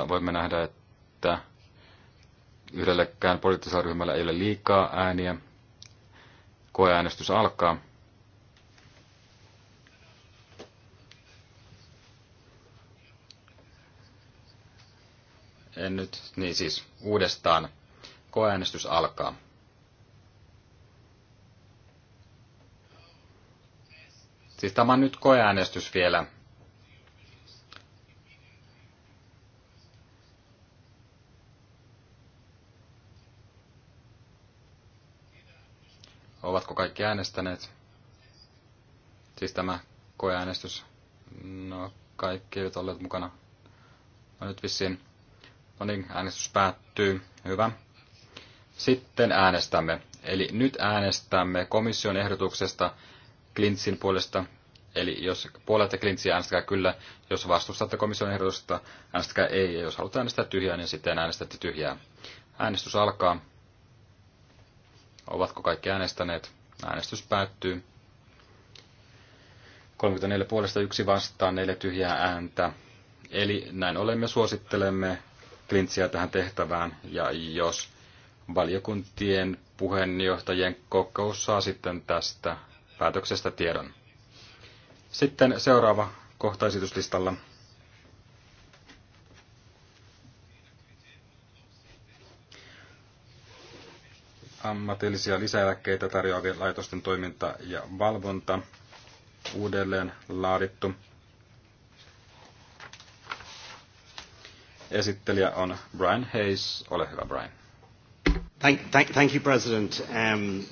mutta voimme nähdä, että yhdellekään poliittisella ryhmällä ei ole liikaa ääniä. Koeäänestys alkaa. En nyt, niin siis uudestaan. Koeäänestys alkaa. Siis tämä on nyt koeäänestys vielä. Ovatko kaikki äänestäneet? Siis tämä koeäänestys. No, kaikki eivät olleet mukana. No nyt vissiin. No niin, äänestys päättyy. Hyvä. Sitten äänestämme. Eli nyt äänestämme komission ehdotuksesta Klintsin puolesta. Eli jos puolette Klintsiä, äänestäkää kyllä. Jos vastustatte komission ehdotusta, äänestäkää ei. Ja jos haluatte äänestää tyhjää, niin sitten äänestätte tyhjää. Äänestys alkaa. Ovatko kaikki äänestäneet? Äänestys päättyy. 34 puolesta yksi vastaan, neljä tyhjää ääntä. Eli näin olemme suosittelemme Klintsiä tähän tehtävään, ja jos valiokuntien puheenjohtajien kokous saa sitten tästä päätöksestä tiedon. Sitten seuraava kohta esityslistalla. ammatillisia lisäeläkkeitä tarjoavien laitosten toiminta ja valvonta uudelleen laadittu. Esittelijä on Brian Hayes. Ole hyvä, Brian. Thank, thank, thank you, President. Um...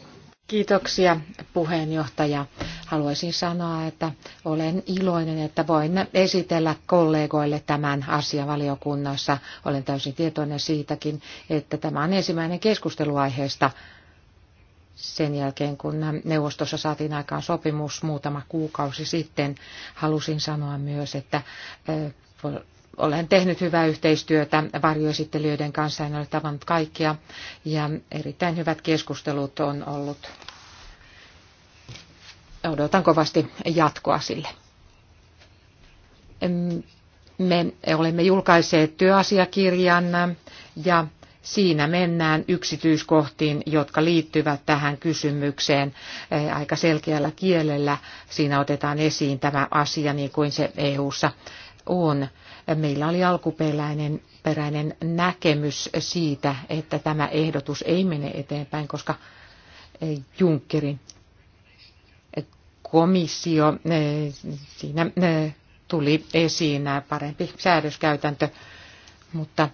Kiitoksia puheenjohtaja. Haluaisin sanoa, että olen iloinen, että voin esitellä kollegoille tämän asiavaliokunnassa. Olen täysin tietoinen siitäkin, että tämä on ensimmäinen keskusteluaiheesta sen jälkeen, kun neuvostossa saatiin aikaan sopimus muutama kuukausi sitten. Halusin sanoa myös, että olen tehnyt hyvää yhteistyötä varjoesittelijöiden kanssa, en ole tavannut kaikkia ja erittäin hyvät keskustelut on ollut. Odotan kovasti jatkoa sille. Me olemme julkaisseet työasiakirjan ja siinä mennään yksityiskohtiin, jotka liittyvät tähän kysymykseen eh, aika selkeällä kielellä. Siinä otetaan esiin tämä asia niin kuin se EU:ssa on meillä oli alkuperäinen peräinen näkemys siitä, että tämä ehdotus ei mene eteenpäin, koska eh, Junckerin eh, komissio, eh, siinä tuli esiin parempi säädöskäytäntö, mutta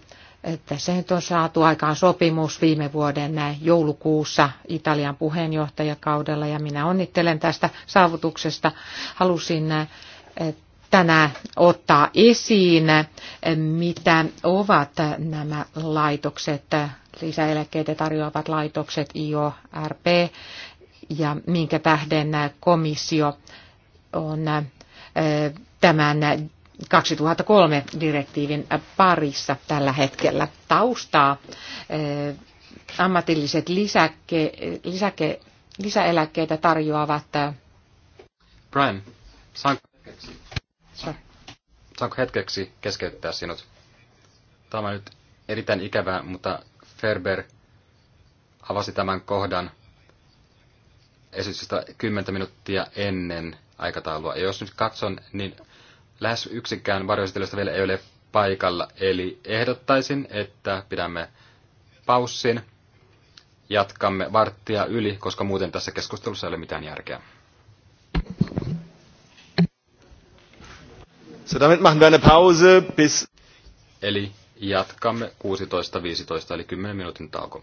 tässä nyt on saatu aikaan sopimus viime vuoden joulukuussa Italian puheenjohtajakaudella ja minä onnittelen tästä saavutuksesta. Halusin tänään ottaa esiin, mitä ovat nämä laitokset, lisäeläkkeitä tarjoavat laitokset IORP ja minkä tähden komissio on tämän 2003 direktiivin parissa tällä hetkellä taustaa. Ammatilliset lisäke, lisäke, lisäeläkkeitä tarjoavat. Brian, saanko Saanko hetkeksi keskeyttää sinut? Tämä on nyt erittäin ikävää, mutta Ferber avasi tämän kohdan esitystä 10 minuuttia ennen aikataulua. Ja jos nyt katson, niin lähes yksikään varjoesittelystä vielä ei ole paikalla. Eli ehdottaisin, että pidämme paussin, jatkamme varttia yli, koska muuten tässä keskustelussa ei ole mitään järkeä. So, damit machen wir eine Pause bis... Eli jatkamme 16.15, eli 10 minuutin tauko.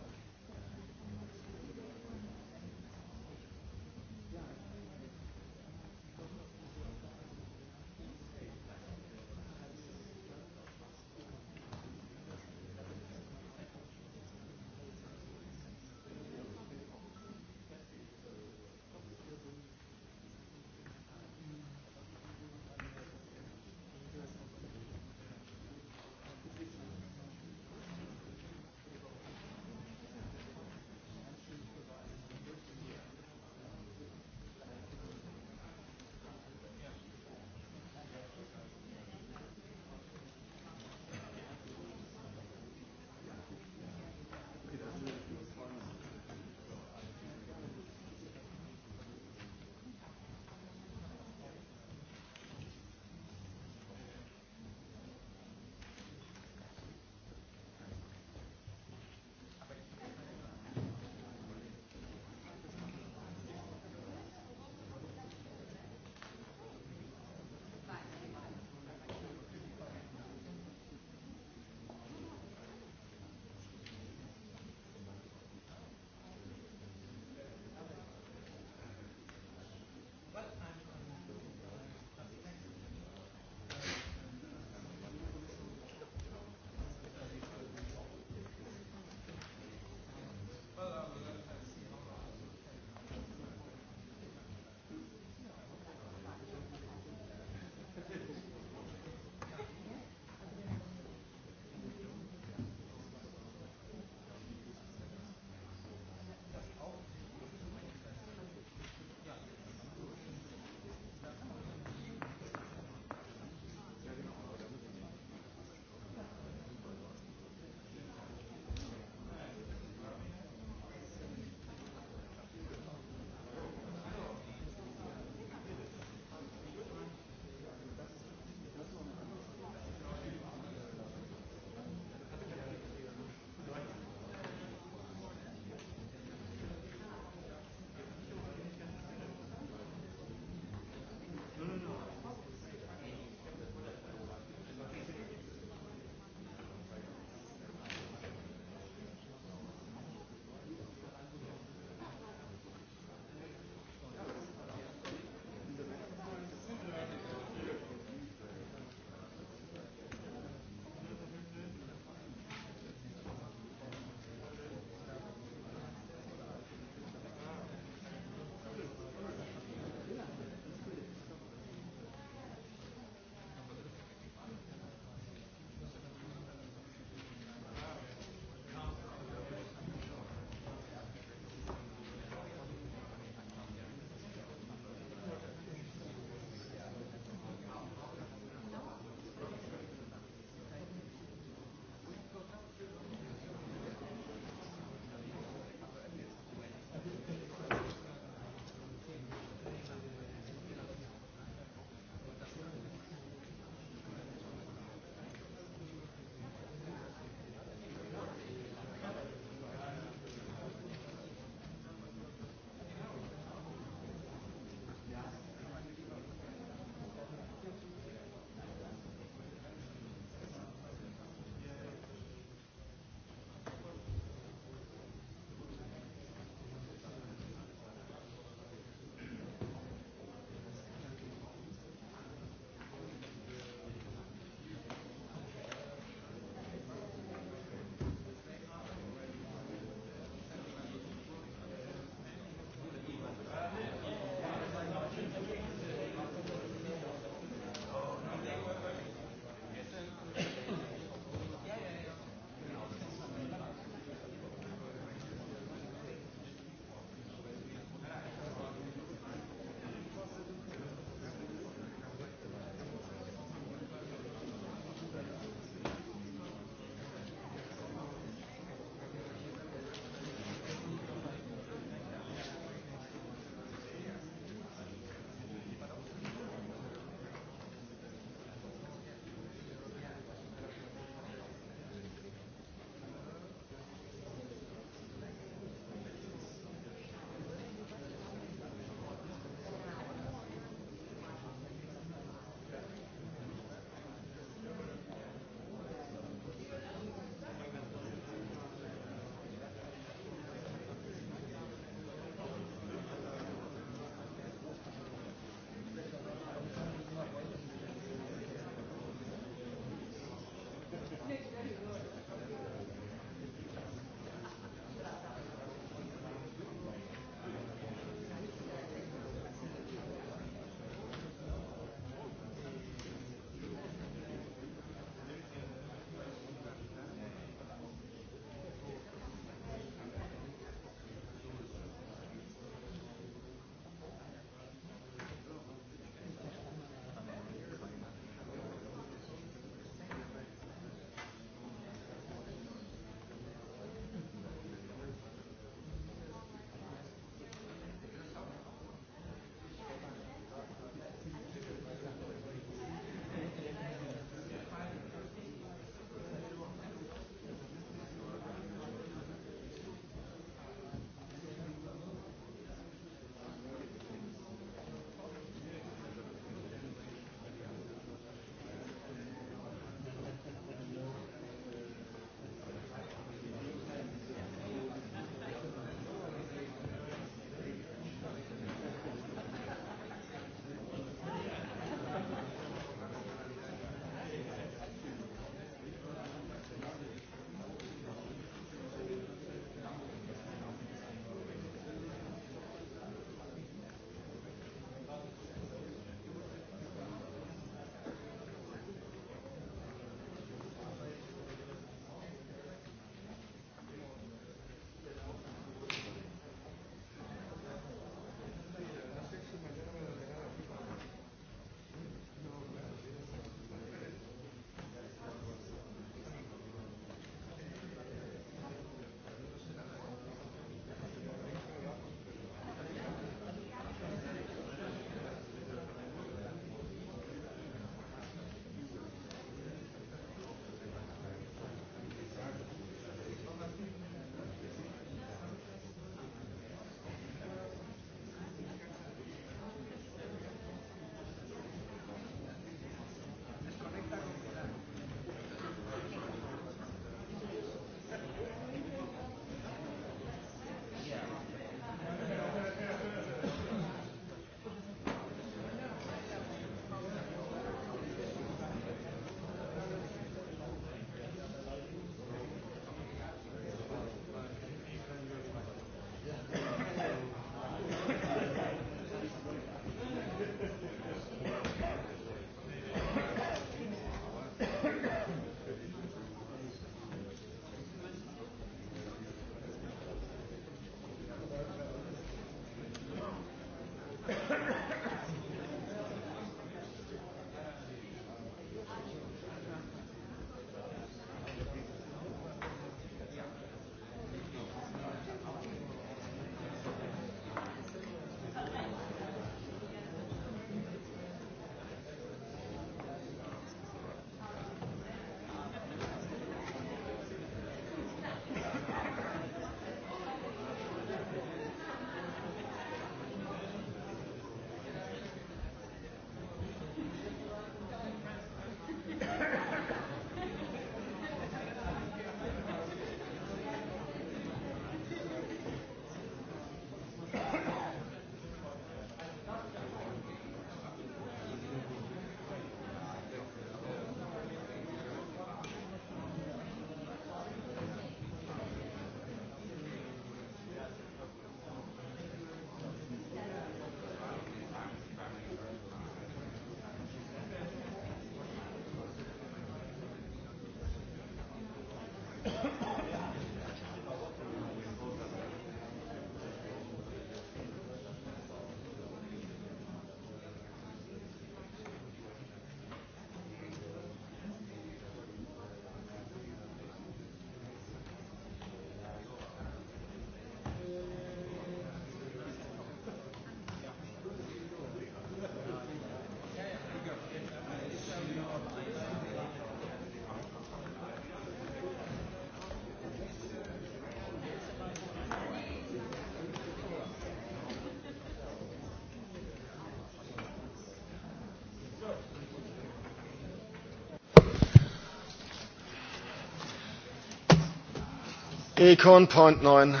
Econ Point 9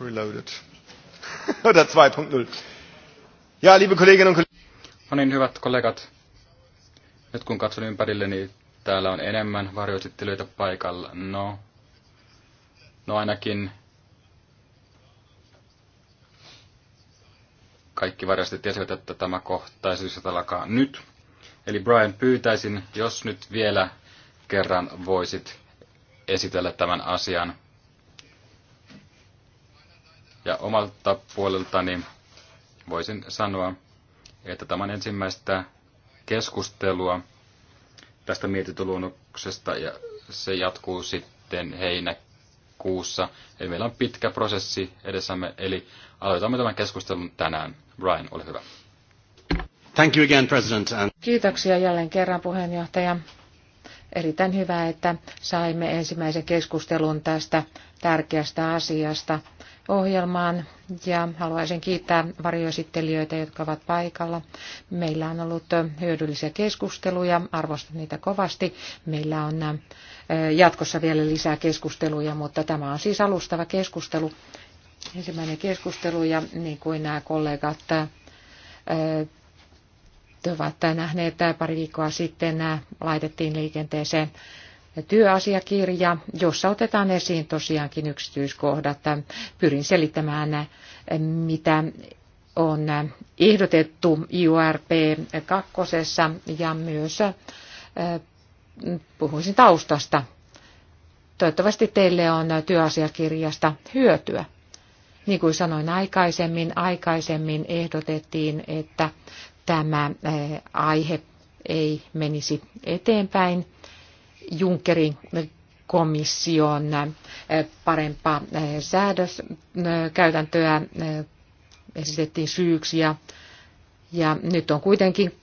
Reloaded. Oder 2.0. Ja, liebe Kolleginnen und Kollegen. No niin, hyvät kollegat. Nyt kun katson niin täällä on enemmän varjoesittelyitä paikalla. No, no ainakin kaikki varjasti tiesivät, että tämä kohta esitys alkaa nyt. Eli Brian, pyytäisin, jos nyt vielä kerran voisit esitellä tämän asian ja omalta puoleltani voisin sanoa, että tämä ensimmäistä keskustelua tästä mietintöluonnoksesta ja se jatkuu sitten heinäkuussa. Eli meillä on pitkä prosessi edessämme, eli aloitamme tämän keskustelun tänään. Brian, ole hyvä. Thank you again, President. Kiitoksia jälleen kerran puheenjohtaja. Erittäin hyvä, että saimme ensimmäisen keskustelun tästä tärkeästä asiasta ohjelmaan ja haluaisin kiittää varjoesittelijöitä, jotka ovat paikalla. Meillä on ollut hyödyllisiä keskusteluja, arvostan niitä kovasti. Meillä on äh, jatkossa vielä lisää keskusteluja, mutta tämä on siis alustava keskustelu, ensimmäinen keskustelu ja niin kuin nämä kollegat äh, ovat nähneet äh, pari viikkoa sitten laitettiin liikenteeseen työasiakirja, jossa otetaan esiin tosiaankin yksityiskohdat. Pyrin selittämään, mitä on ehdotettu IURP 2. ja myös puhuisin taustasta. Toivottavasti teille on työasiakirjasta hyötyä. Niin kuin sanoin aikaisemmin, aikaisemmin ehdotettiin, että tämä aihe ei menisi eteenpäin Junckerin komission parempaa säädöskäytäntöä esitettiin syyksi ja, ja nyt on kuitenkin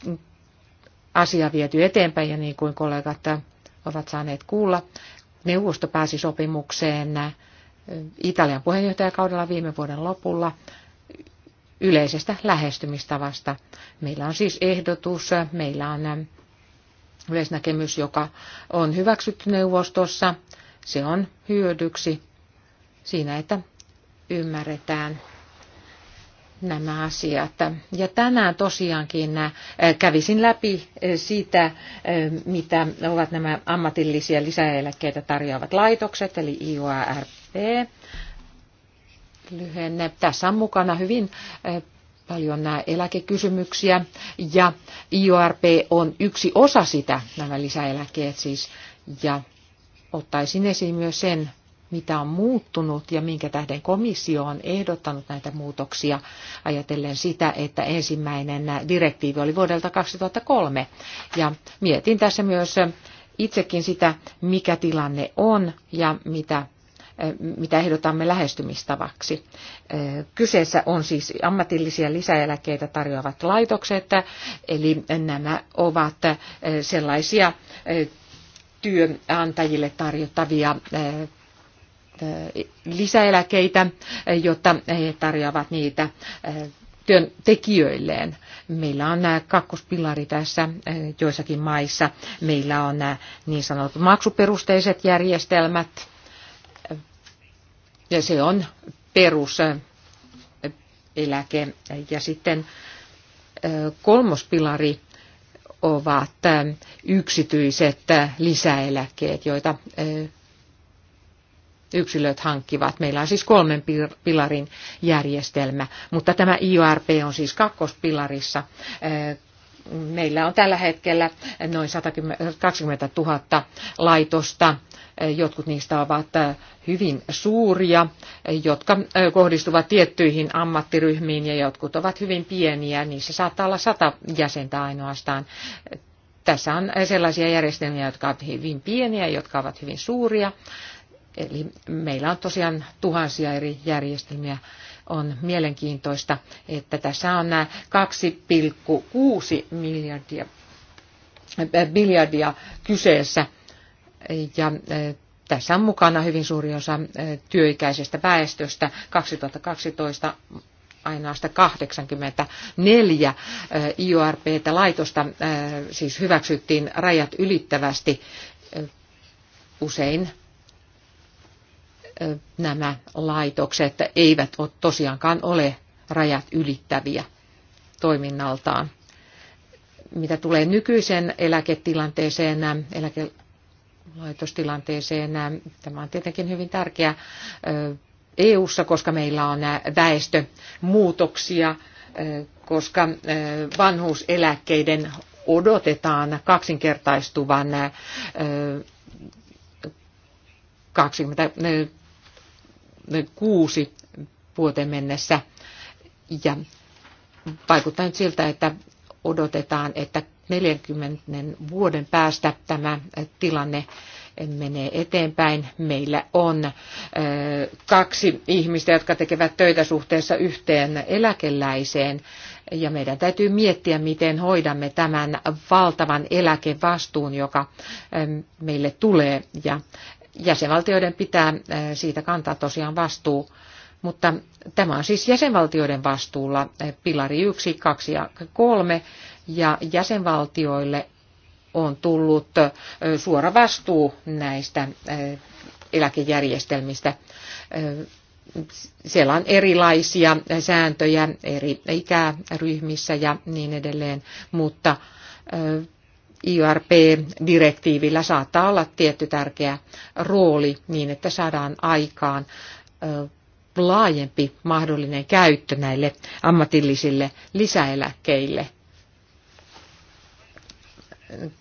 asia viety eteenpäin ja niin kuin kollegat ovat saaneet kuulla, neuvosto pääsi sopimukseen Italian puheenjohtajakaudella viime vuoden lopulla yleisestä lähestymistavasta. Meillä on siis ehdotus, meillä on yleisnäkemys, joka on hyväksytty neuvostossa, se on hyödyksi siinä, että ymmärretään nämä asiat. Ja tänään tosiaankin äh, kävisin läpi äh, sitä, äh, mitä ovat nämä ammatillisia lisäeläkkeitä tarjoavat laitokset, eli IORP lyhenne. Tässä on mukana hyvin paljon nämä eläkekysymyksiä ja IORP on yksi osa sitä, nämä lisäeläkkeet siis. Ja ottaisin esiin myös sen, mitä on muuttunut ja minkä tähden komissio on ehdottanut näitä muutoksia ajatellen sitä, että ensimmäinen direktiivi oli vuodelta 2003. Ja mietin tässä myös itsekin sitä, mikä tilanne on ja mitä mitä ehdotamme lähestymistavaksi. Kyseessä on siis ammatillisia lisäeläkkeitä tarjoavat laitokset, eli nämä ovat sellaisia työnantajille tarjottavia lisäeläkeitä, jotta he tarjoavat niitä työntekijöilleen. Meillä on nämä kakkospilari tässä joissakin maissa. Meillä on nämä niin sanotut maksuperusteiset järjestelmät, ja se on peruseläke. Äh, ja sitten äh, kolmospilari ovat äh, yksityiset lisäeläkkeet, joita yksilöt hankkivat. Meillä on siis kolmen pilarin järjestelmä, mutta tämä IRP on siis kakkospilarissa Meillä on tällä hetkellä noin 120 000 laitosta. Jotkut niistä ovat äh, hyvin suuria, jotka äh, kohdistuvat tiettyihin ammattiryhmiin ja jotkut ovat hyvin pieniä. Niissä saattaa olla sata jäsentä ainoastaan. Tässä on sellaisia järjestelmiä, jotka ovat hyvin pieniä, jotka ovat hyvin suuria. Eli meillä on tosiaan tuhansia eri järjestelmiä on mielenkiintoista, että tässä on nämä 2,6 miljardia, miljardia äh, kyseessä. Ja äh, tässä on mukana hyvin suuri osa äh, työikäisestä väestöstä. 2012 ainoastaan 84 iorp laitosta siis hyväksyttiin rajat ylittävästi usein nämä laitokset eivät ole tosiaankaan ole rajat ylittäviä toiminnaltaan. Mitä tulee nykyisen eläketilanteeseen, eläkelaitostilanteeseen, tämä on tietenkin hyvin tärkeä EU-ssa, koska meillä on väestömuutoksia, koska vanhuuseläkkeiden odotetaan kaksinkertaistuvan 20, Kuusi vuoteen mennessä. Ja vaikuttaa nyt siltä, että odotetaan, että 40 vuoden päästä tämä tilanne menee eteenpäin. Meillä on kaksi ihmistä, jotka tekevät töitä suhteessa yhteen eläkeläiseen. Ja meidän täytyy miettiä, miten hoidamme tämän valtavan eläkevastuun, joka meille tulee. Ja jäsenvaltioiden pitää siitä kantaa tosiaan vastuu. Mutta tämä on siis jäsenvaltioiden vastuulla pilari 1, 2 ja 3 ja jäsenvaltioille on tullut suora vastuu näistä eläkejärjestelmistä. Siellä on erilaisia sääntöjä eri ikäryhmissä ja niin edelleen, mutta IRP-direktiivillä saattaa olla tietty tärkeä rooli niin, että saadaan aikaan laajempi mahdollinen käyttö näille ammatillisille lisäeläkkeille.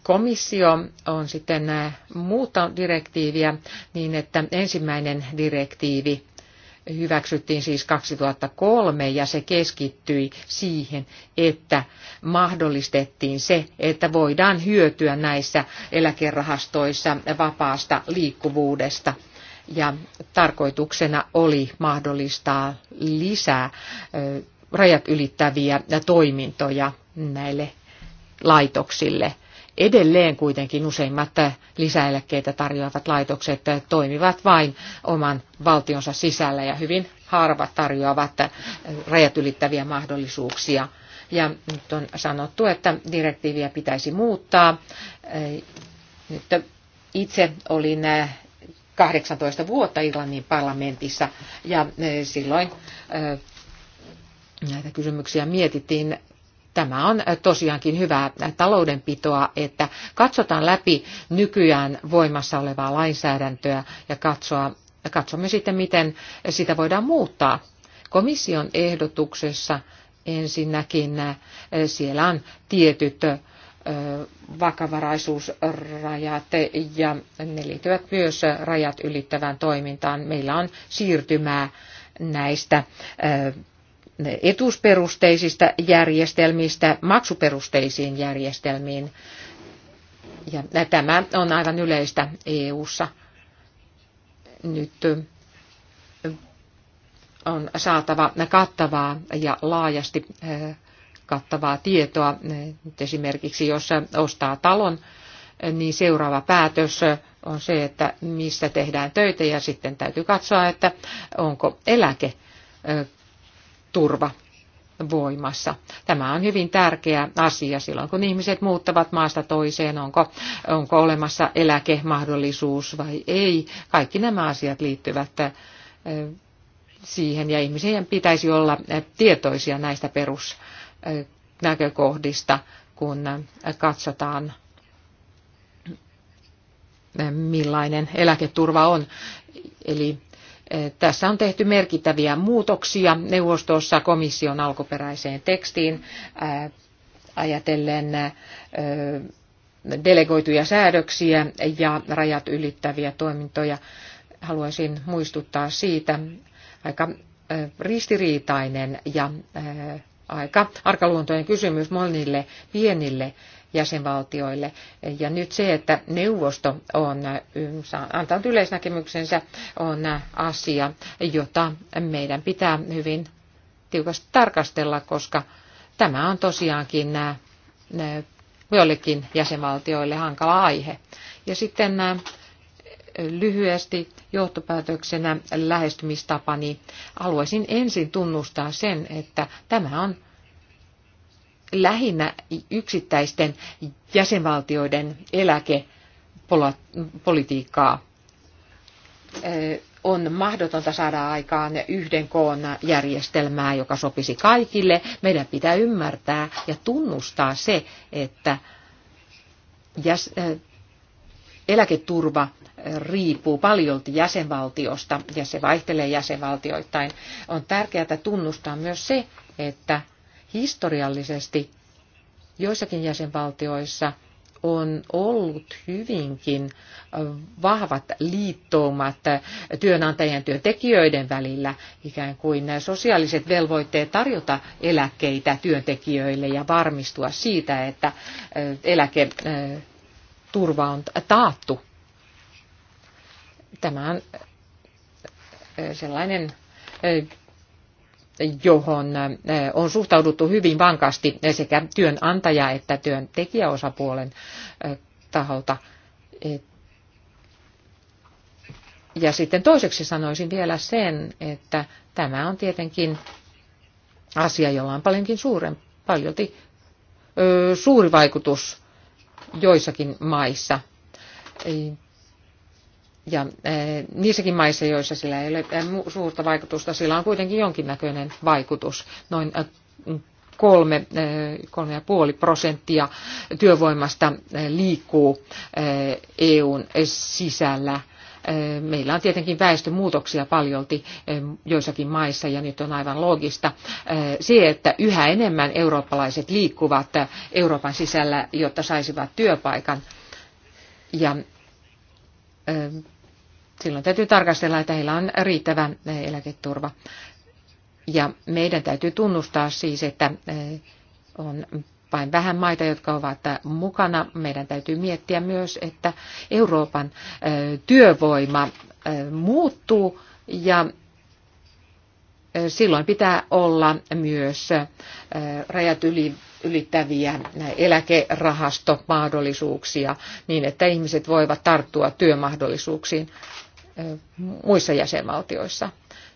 Komissio on sitten muuttanut direktiiviä niin, että ensimmäinen direktiivi hyväksyttiin siis 2003 ja se keskittyi siihen, että mahdollistettiin se, että voidaan hyötyä näissä eläkerahastoissa vapaasta liikkuvuudesta. Ja tarkoituksena oli mahdollistaa lisää rajat ylittäviä toimintoja näille laitoksille – Edelleen kuitenkin useimmat lisäeläkkeitä tarjoavat laitokset toimivat vain oman valtionsa sisällä ja hyvin harvat tarjoavat rajat ylittäviä mahdollisuuksia. Ja nyt on sanottu, että direktiiviä pitäisi muuttaa. Nyt itse olin 18 vuotta Irlannin parlamentissa ja silloin näitä kysymyksiä mietittiin Tämä on tosiaankin hyvää taloudenpitoa, että katsotaan läpi nykyään voimassa olevaa lainsäädäntöä ja katsoa, katsomme sitten, miten sitä voidaan muuttaa. Komission ehdotuksessa ensinnäkin siellä on tietyt vakavaraisuusrajat ja ne liittyvät myös rajat ylittävään toimintaan. Meillä on siirtymää näistä etuusperusteisista järjestelmistä maksuperusteisiin järjestelmiin. Ja tämä on aivan yleistä EU:ssa. Nyt on saatava kattavaa ja laajasti kattavaa tietoa. Nyt esimerkiksi jos ostaa talon, niin seuraava päätös on se, että missä tehdään töitä ja sitten täytyy katsoa, että onko eläke turva voimassa. Tämä on hyvin tärkeä asia silloin, kun ihmiset muuttavat maasta toiseen, onko, onko olemassa eläkemahdollisuus vai ei. Kaikki nämä asiat liittyvät äh, siihen ja ihmisiä pitäisi olla äh, tietoisia näistä perusnäkökohdista, äh, kun katsotaan millainen eläketurva on. Eli tässä on tehty merkittäviä muutoksia neuvostossa komission alkuperäiseen tekstiin äh, ajatellen äh, delegoituja säädöksiä ja rajat ylittäviä toimintoja. Haluaisin muistuttaa siitä aika äh, ristiriitainen ja aika arkaluontoinen kysymys monille pienille jäsenvaltioille. Ja nyt se, että neuvosto on, antanut yleisnäkemyksensä, on asia, jota meidän pitää hyvin tiukasti tarkastella, koska tämä on tosiaankin joillekin jäsenvaltioille hankala aihe. Ja sitten lyhyesti johtopäätöksenä lähestymistapani haluaisin ensin tunnustaa sen, että tämä on lähinnä yksittäisten jäsenvaltioiden eläkepolitiikkaa on mahdotonta saada aikaan yhden koon järjestelmää, joka sopisi kaikille. Meidän pitää ymmärtää ja tunnustaa se, että eläketurva riippuu paljolti jäsenvaltiosta ja se vaihtelee jäsenvaltioittain. On tärkeää tunnustaa myös se, että Historiallisesti joissakin jäsenvaltioissa on ollut hyvinkin vahvat liittoumat työnantajien ja työntekijöiden välillä, ikään kuin sosiaaliset velvoitteet tarjota eläkkeitä työntekijöille ja varmistua siitä, että eh, eläketurva eh, on taattu. Tämä on eh, sellainen johon on suhtauduttu hyvin vankasti sekä työnantaja- että työntekijäosapuolen taholta. Ja sitten toiseksi sanoisin vielä sen, että tämä on tietenkin asia, jolla on paljonkin suuren, paljolti suuri vaikutus joissakin maissa. Ja eh, niissäkin maissa, joissa sillä ei ole eh, suurta vaikutusta, sillä on kuitenkin jonkinnäköinen vaikutus, noin eh, kolme, kolme ja puoli prosenttia työvoimasta liikkuu EUn sisällä. Meillä on tietenkin väestömuutoksia paljolti joissakin maissa ja nyt on aivan loogista se, että yhä enemmän eurooppalaiset liikkuvat Euroopan sisällä, jotta saisivat työpaikan. Ja silloin täytyy tarkastella, että heillä on riittävä eh, eläketurva. Ja meidän täytyy tunnustaa siis, että eh, on vain vähän maita, jotka ovat eh, mukana. Meidän täytyy miettiä myös, että Euroopan työvoima muuttuu ja silloin pitää olla myös rajat yli ylittäviä eläkerahastomahdollisuuksia niin, että ihmiset voivat tarttua työmahdollisuuksiin muissa jäsenvaltioissa.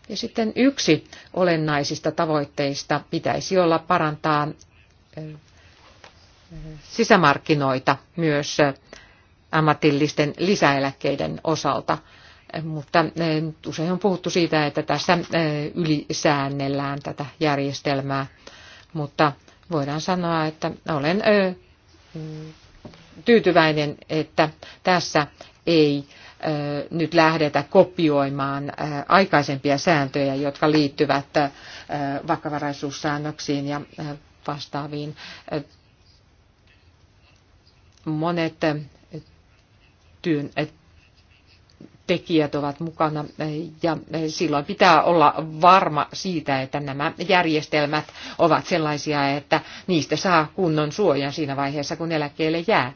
Ja sitten yksi olennaisista tavoitteista pitäisi olla parantaa sisämarkkinoita myös ammatillisten lisäeläkkeiden osalta. Mutta usein on puhuttu siitä, että tässä ylisäännellään tätä järjestelmää, mutta voidaan sanoa, että olen tyytyväinen, että tässä ei nyt lähdetä kopioimaan aikaisempia sääntöjä, jotka liittyvät vakavaraisuussäännöksiin ja vastaaviin. Monet työn tekijät ovat mukana ja silloin pitää olla varma siitä, että nämä järjestelmät ovat sellaisia, että niistä saa kunnon suojan siinä vaiheessa, kun eläkkeelle jää.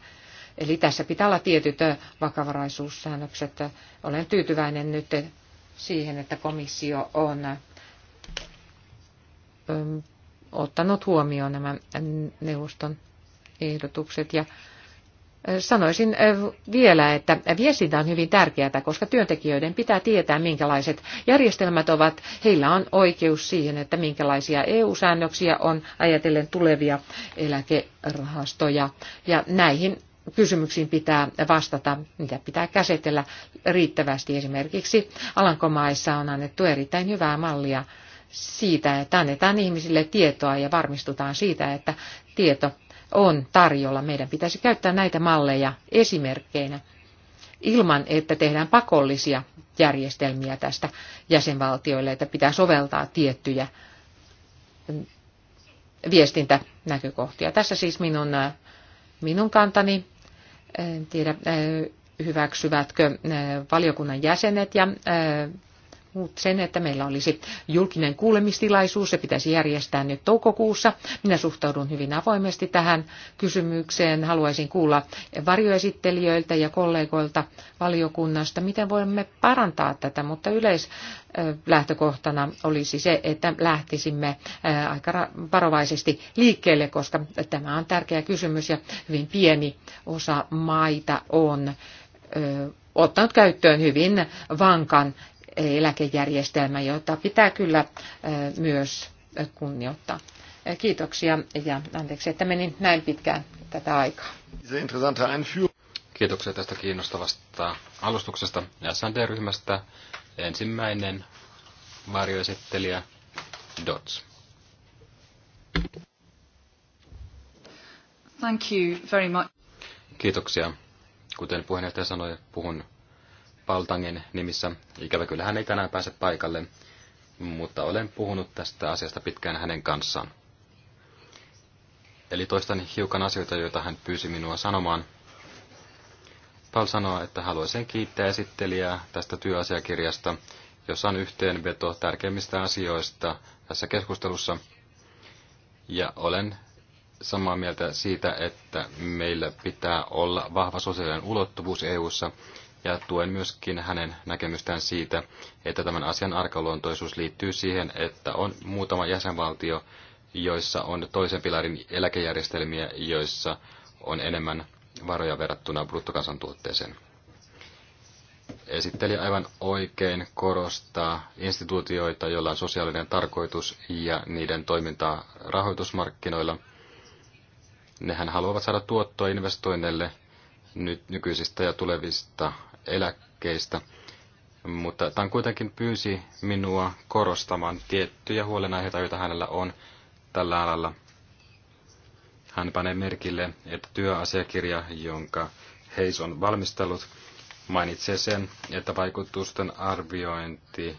Eli tässä pitää olla tietyt vakavaraisuussäännökset. Olen tyytyväinen nyt siihen, että komissio on ottanut huomioon nämä neuvoston ehdotukset. Ja sanoisin vielä, että viestintä on hyvin tärkeää, koska työntekijöiden pitää tietää, minkälaiset järjestelmät ovat. Heillä on oikeus siihen, että minkälaisia EU-säännöksiä on ajatellen tulevia eläkerahastoja. Ja näihin kysymyksiin pitää vastata, mitä pitää käsitellä riittävästi. Esimerkiksi Alankomaissa on annettu erittäin hyvää mallia siitä, että annetaan ihmisille tietoa ja varmistutaan siitä, että tieto on tarjolla. Meidän pitäisi käyttää näitä malleja esimerkkeinä ilman, että tehdään pakollisia järjestelmiä tästä jäsenvaltioille, että pitää soveltaa tiettyjä viestintänäkökohtia. Tässä siis minun, minun kantani en tiedä, eh, hyväksyvätkö eh, valiokunnan jäsenet ja eh, mutta sen, että meillä olisi julkinen kuulemistilaisuus, se pitäisi järjestää nyt toukokuussa. Minä suhtaudun hyvin avoimesti tähän kysymykseen. Haluaisin kuulla varjoesittelijöiltä ja kollegoilta valiokunnasta, miten voimme parantaa tätä, mutta yleislähtökohtana olisi se, että lähtisimme aika varovaisesti liikkeelle, koska tämä on tärkeä kysymys ja hyvin pieni osa maita on ottanut käyttöön hyvin vankan eläkejärjestelmä, jota pitää kyllä myös kunnioittaa. Kiitoksia ja anteeksi, että menin näin pitkään tätä aikaa. Kiitoksia tästä kiinnostavasta alustuksesta ja SND-ryhmästä. Ensimmäinen varjoesittelijä Dots. Thank you very much. Kiitoksia. Kuten puheenjohtaja sanoi, puhun Paltangen nimissä. Ikävä kyllä hän ei tänään pääse paikalle, mutta olen puhunut tästä asiasta pitkään hänen kanssaan. Eli toistan hiukan asioita, joita hän pyysi minua sanomaan. Paul sanoo, että haluaisin kiittää esittelijää tästä työasiakirjasta, jossa on yhteenveto tärkeimmistä asioista tässä keskustelussa. Ja olen samaa mieltä siitä, että meillä pitää olla vahva sosiaalinen ulottuvuus EU:ssa ja tuen myöskin hänen näkemystään siitä, että tämän asian arkaluontoisuus liittyy siihen, että on muutama jäsenvaltio, joissa on toisen pilarin eläkejärjestelmiä, joissa on enemmän varoja verrattuna bruttokansantuotteeseen. Esitteli aivan oikein korostaa instituutioita, joilla on sosiaalinen tarkoitus ja niiden toimintaa rahoitusmarkkinoilla. Nehän haluavat saada tuottoa investoinneille – nyt nykyisistä ja tulevista eläkkeistä, mutta Tan kuitenkin pyysi minua korostamaan tiettyjä huolenaiheita, joita hänellä on tällä alalla. Hän panee merkille, että työasiakirja, jonka Heis on valmistellut, mainitsee sen, että vaikutusten arviointi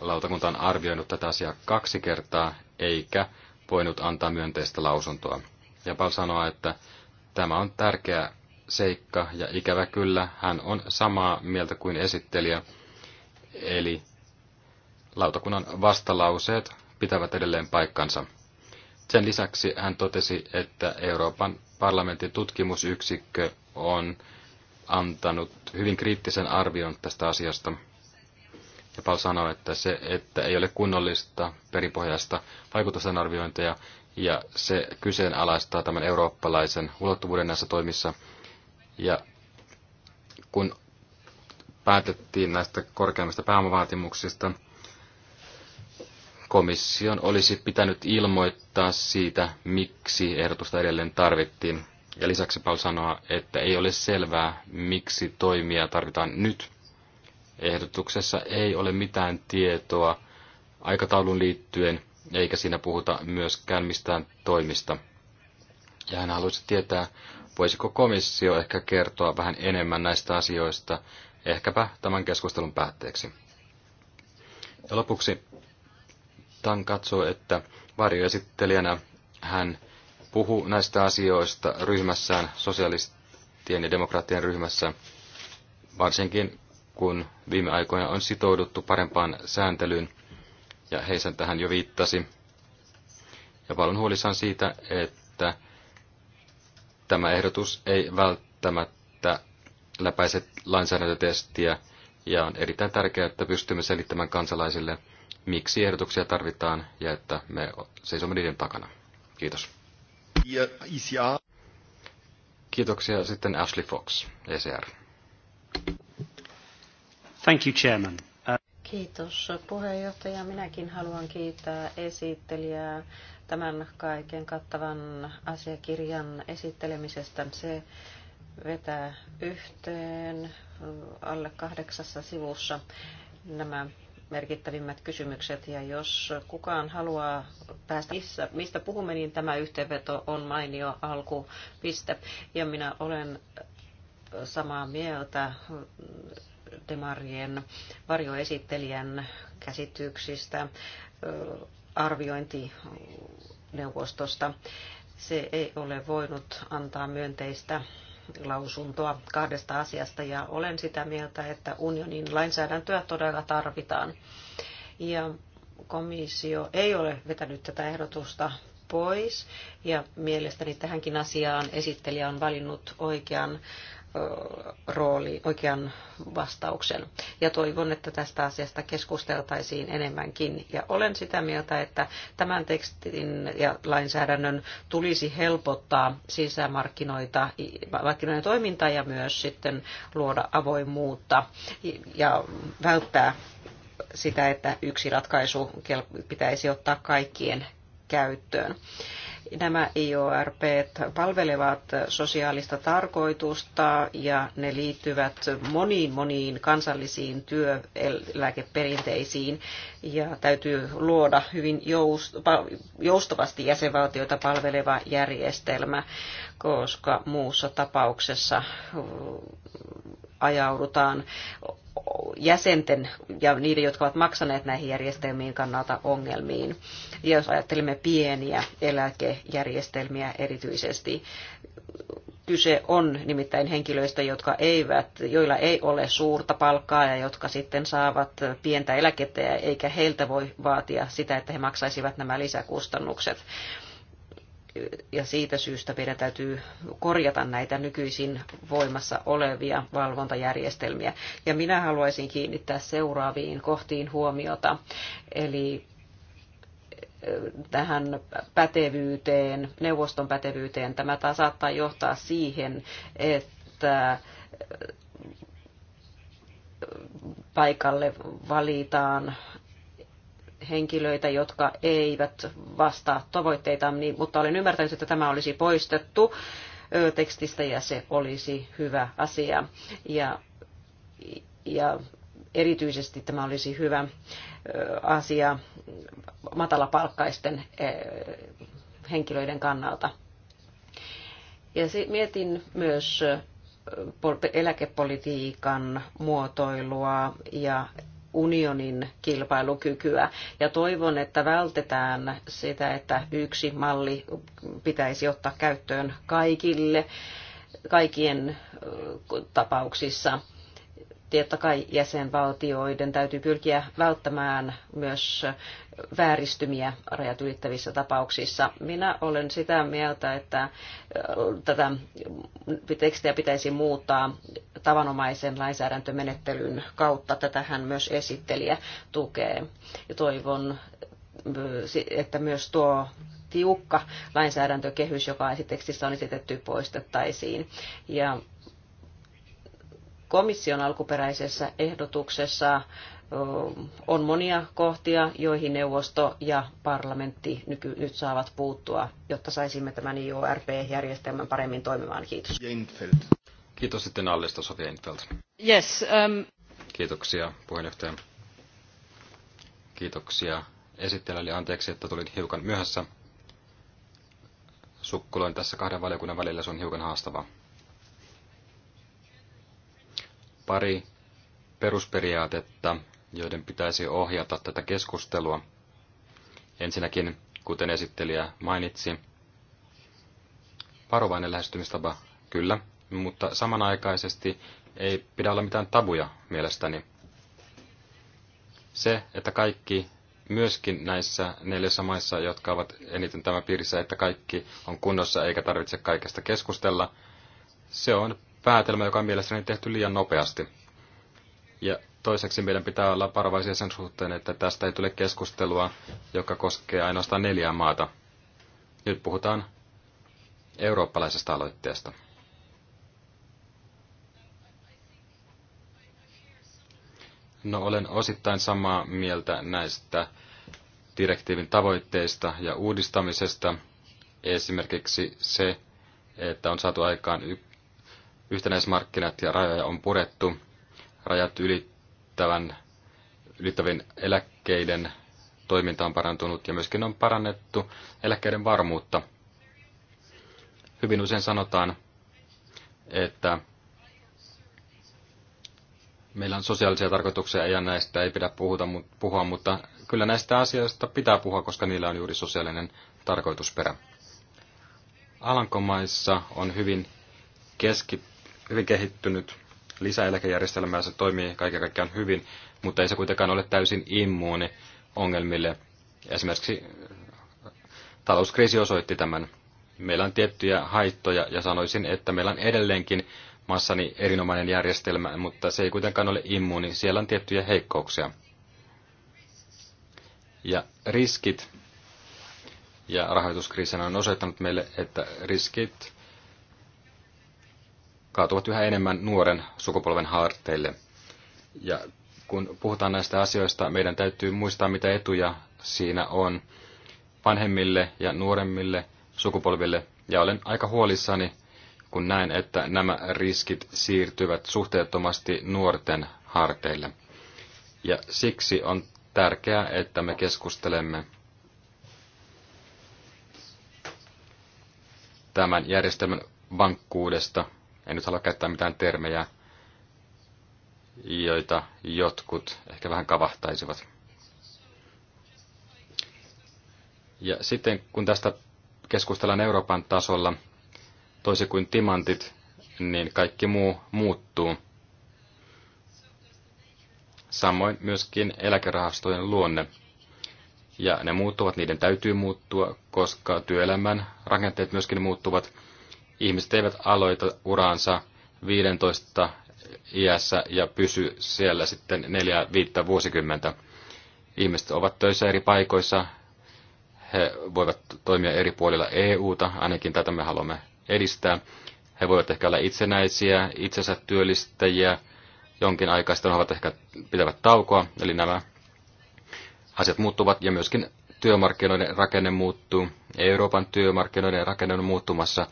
lautakunta on arvioinut tätä asiaa kaksi kertaa, eikä voinut antaa myönteistä lausuntoa. Ja Pal sanoa, että tämä on tärkeä seikka, ja ikävä kyllä hän on samaa mieltä kuin esittelijä, eli lautakunnan vastalauseet pitävät edelleen paikkansa. Sen lisäksi hän totesi, että Euroopan parlamentin tutkimusyksikkö on antanut hyvin kriittisen arvion tästä asiasta. Ja Paul sanoi, että se, että ei ole kunnollista perinpohjaista vaikutusten arviointeja, ja se kyseenalaistaa tämän eurooppalaisen ulottuvuuden näissä toimissa, ja kun päätettiin näistä korkeammista pääomavaatimuksista, komission olisi pitänyt ilmoittaa siitä, miksi ehdotusta edelleen tarvittiin. Ja lisäksi Paul sanoa, että ei ole selvää, miksi toimia tarvitaan nyt. Ehdotuksessa ei ole mitään tietoa aikataulun liittyen, eikä siinä puhuta myöskään mistään toimista. Ja hän haluaisi tietää, Voisiko komissio ehkä kertoa vähän enemmän näistä asioista, ehkäpä tämän keskustelun päätteeksi? Ja lopuksi Tan katsoo, että varjoesittelijänä hän puhuu näistä asioista ryhmässään, sosialistien ja demokraattien ryhmässä, varsinkin kun viime aikoina on sitouduttu parempaan sääntelyyn, ja heisän tähän jo viittasi. Ja paljon huolissaan siitä, että tämä ehdotus ei välttämättä läpäise lainsäädäntötestiä ja on erittäin tärkeää, että pystymme selittämään kansalaisille, miksi ehdotuksia tarvitaan ja että me seisomme niiden takana. Kiitos. Kiitoksia sitten Ashley Fox, ECR. Thank you, Chairman. Kiitos puheenjohtaja. Minäkin haluan kiittää esittelijää tämän kaiken kattavan asiakirjan esittelemisestä. Se vetää yhteen alle kahdeksassa sivussa nämä merkittävimmät kysymykset. Ja jos kukaan haluaa päästä, missä, mistä puhumme, niin tämä yhteenveto on mainio alkupiste. Ja minä olen samaa mieltä Demarien varjoesittelijän käsityksistä arviointineuvostosta. Se ei ole voinut antaa myönteistä lausuntoa kahdesta asiasta ja olen sitä mieltä, että unionin lainsäädäntöä todella tarvitaan. Ja komissio ei ole vetänyt tätä ehdotusta pois ja mielestäni tähänkin asiaan esittelijä on valinnut oikean rooli, oikean vastauksen. Ja toivon, että tästä asiasta keskusteltaisiin enemmänkin. Ja olen sitä mieltä, että tämän tekstin ja lainsäädännön tulisi helpottaa sisämarkkinoita, markkinoiden toimintaa ja myös sitten luoda avoimuutta ja välttää sitä, että yksi ratkaisu pitäisi ottaa kaikkien käyttöön. Nämä IORP palvelevat sosiaalista tarkoitusta ja ne liittyvät moniin moniin kansallisiin työeläkeperinteisiin ja täytyy luoda hyvin joustavasti jäsenvaltioita palveleva järjestelmä, koska muussa tapauksessa ajaudutaan jäsenten ja niiden, jotka ovat maksaneet näihin järjestelmiin kannalta ongelmiin. Ja jos ajattelemme pieniä eläkejärjestelmiä erityisesti, kyse on nimittäin henkilöistä, jotka eivät, joilla ei ole suurta palkkaa ja jotka sitten saavat pientä eläkettä eikä heiltä voi vaatia sitä, että he maksaisivat nämä lisäkustannukset ja siitä syystä meidän täytyy korjata näitä nykyisin voimassa olevia valvontajärjestelmiä. Ja minä haluaisin kiinnittää seuraaviin kohtiin huomiota, eli eh, tähän pätevyyteen, neuvoston pätevyyteen. Tämä taas saattaa johtaa siihen, että eh, paikalle valitaan henkilöitä, jotka eivät vastaa tavoitteita, niin, mutta olen ymmärtänyt, että tämä olisi poistettu tekstistä ja se olisi hyvä asia. Ja, ja erityisesti tämä olisi hyvä asia matalapalkkaisten henkilöiden kannalta. Ja mietin myös eläkepolitiikan muotoilua ja unionin kilpailukykyä. Ja toivon, että vältetään sitä, että yksi malli pitäisi ottaa käyttöön kaikille, kaikien tapauksissa totta kai jäsenvaltioiden täytyy pyrkiä välttämään myös vääristymiä rajat ylittävissä tapauksissa. Minä olen sitä mieltä, että tätä tekstiä pitäisi muuttaa tavanomaisen lainsäädäntömenettelyn kautta. Tätähän myös esittelijä tukee. Ja toivon, että myös tuo tiukka lainsäädäntökehys, joka esitekstissä on esitetty, poistettaisiin. Ja komission alkuperäisessä ehdotuksessa on monia kohtia, joihin neuvosto ja parlamentti nyky, nyt saavat puuttua, jotta saisimme tämän IORP-järjestelmän paremmin toimimaan. Kiitos. Jeinfeld. Kiitos sitten Allista, Sofia Infeld. Yes, um... Kiitoksia puheenjohtaja. Kiitoksia esittelijälle. Anteeksi, että tulin hiukan myöhässä. Sukkuloin tässä kahden valiokunnan välillä, se on hiukan haastavaa. Pari perusperiaatetta, joiden pitäisi ohjata tätä keskustelua. Ensinnäkin, kuten esittelijä mainitsi, varovainen lähestymistapa, kyllä, mutta samanaikaisesti ei pidä olla mitään tabuja mielestäni. Se, että kaikki myöskin näissä neljässä maissa, jotka ovat eniten tämä piirissä, että kaikki on kunnossa eikä tarvitse kaikesta keskustella, se on päätelmä, joka on mielestäni tehty liian nopeasti. Ja toiseksi meidän pitää olla parvaisia sen suhteen, että tästä ei tule keskustelua, joka koskee ainoastaan neljää maata. Nyt puhutaan eurooppalaisesta aloitteesta. No olen osittain samaa mieltä näistä direktiivin tavoitteista ja uudistamisesta. Esimerkiksi se, että on saatu aikaan yhtenäismarkkinat ja rajoja on purettu, rajat ylittävän, ylittävin eläkkeiden toiminta on parantunut ja myöskin on parannettu eläkkeiden varmuutta. Hyvin usein sanotaan, että meillä on sosiaalisia tarkoituksia ja näistä ei pidä puhuta, puhua, mutta kyllä näistä asioista pitää puhua, koska niillä on juuri sosiaalinen tarkoitusperä. Alankomaissa on hyvin, keski, hyvin kehittynyt lisäeläkejärjestelmä ja se toimii kaiken kaikkiaan hyvin, mutta ei se kuitenkaan ole täysin immuuni ongelmille. Esimerkiksi äh, talouskriisi osoitti tämän. Meillä on tiettyjä haittoja ja sanoisin, että meillä on edelleenkin maassani erinomainen järjestelmä, mutta se ei kuitenkaan ole immuuni. Siellä on tiettyjä heikkouksia. Ja riskit, ja rahoituskriisin on osoittanut meille, että riskit kaatuvat yhä enemmän nuoren sukupolven harteille. Ja kun puhutaan näistä asioista, meidän täytyy muistaa, mitä etuja siinä on vanhemmille ja nuoremmille sukupolville. Ja olen aika huolissani kun näen, että nämä riskit siirtyvät suhteettomasti nuorten harteille. Ja siksi on tärkeää, että me keskustelemme tämän järjestelmän vankkuudesta. En nyt halua käyttää mitään termejä, joita jotkut ehkä vähän kavahtaisivat. Ja sitten kun tästä keskustellaan Euroopan tasolla, toisin kuin timantit, niin kaikki muu muuttuu. Samoin myöskin eläkerahastojen luonne. Ja ne muuttuvat, niiden täytyy muuttua, koska työelämän rakenteet myöskin muuttuvat. Ihmiset eivät aloita uraansa 15 iässä ja pysy siellä sitten 4-5 vuosikymmentä. Ihmiset ovat töissä eri paikoissa, he voivat toimia eri puolilla EUta, ainakin tätä me haluamme edistää. He voivat ehkä olla itsenäisiä, itsensä työllistäjiä, jonkin aikaa sitten ovat ehkä pitävät taukoa, eli nämä asiat muuttuvat ja myöskin työmarkkinoiden rakenne muuttuu, Euroopan työmarkkinoiden rakenne on muuttumassa,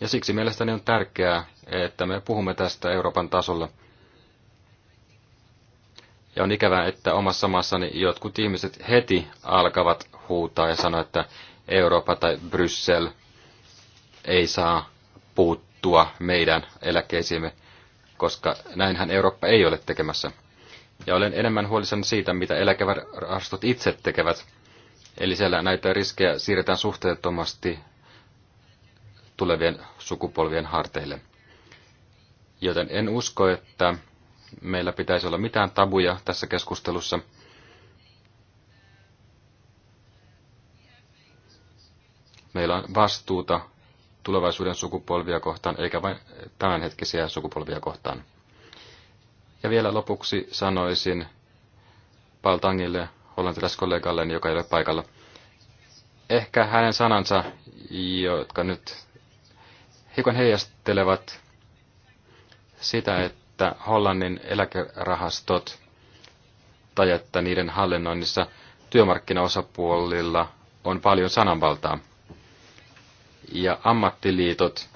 ja siksi mielestäni on tärkeää, että me puhumme tästä Euroopan tasolla. Ja on ikävää, että omassa maassani jotkut ihmiset heti alkavat huutaa ja sanoa, että Eurooppa tai Bryssel – ei saa puuttua meidän eläkkeisiimme, koska näinhän Eurooppa ei ole tekemässä. Ja olen enemmän huolissani siitä, mitä eläkevarastot itse tekevät. Eli siellä näitä riskejä siirretään suhteettomasti tulevien sukupolvien harteille. Joten en usko, että meillä pitäisi olla mitään tabuja tässä keskustelussa. Meillä on vastuuta tulevaisuuden sukupolvia kohtaan, eikä vain tämänhetkisiä sukupolvia kohtaan. Ja vielä lopuksi sanoisin Tangille, hollantilaiskollegalle, joka ei ole paikalla. Ehkä hänen sanansa, jotka nyt hiukan heijastelevat sitä, että Hollannin eläkerahastot tai että niiden hallinnoinnissa työmarkkinaosapuolilla on paljon sananvaltaa ja ammattiliitot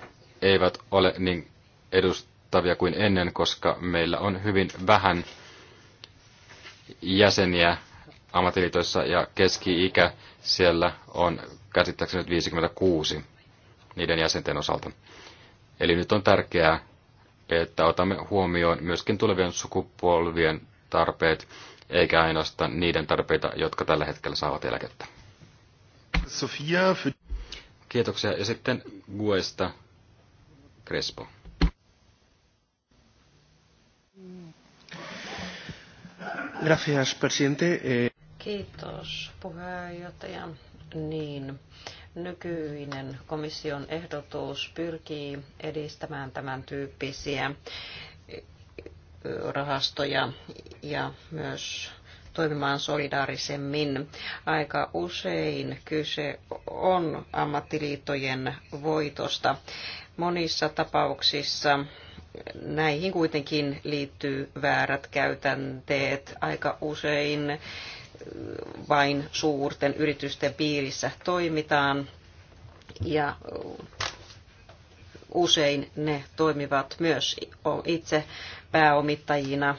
eivät ole niin edustavia kuin ennen, koska meillä on hyvin vähän jäseniä ammattiliitoissa ja keski-ikä siellä on käsittääkseni nyt 56 niiden jäsenten osalta. Eli nyt on tärkeää, että otamme huomioon myöskin tulevien sukupolvien tarpeet, eikä ainoastaan niiden tarpeita, jotka tällä hetkellä saavat eläkettä. Sofia, Kiitoksia. Ja sitten Guesta Crespo. Gracias, presidente. Eh, Kiitos puheenjohtaja. Niin, nykyinen komission ehdotus pyrkii edistämään tämän tyyppisiä rahastoja ja myös toimimaan solidaarisemmin. Aika usein kyse on ammattiliittojen voitosta. Monissa tapauksissa näihin kuitenkin liittyy väärät käytänteet. Aika usein vain suurten yritysten piirissä toimitaan ja usein ne toimivat myös itse pääomittajina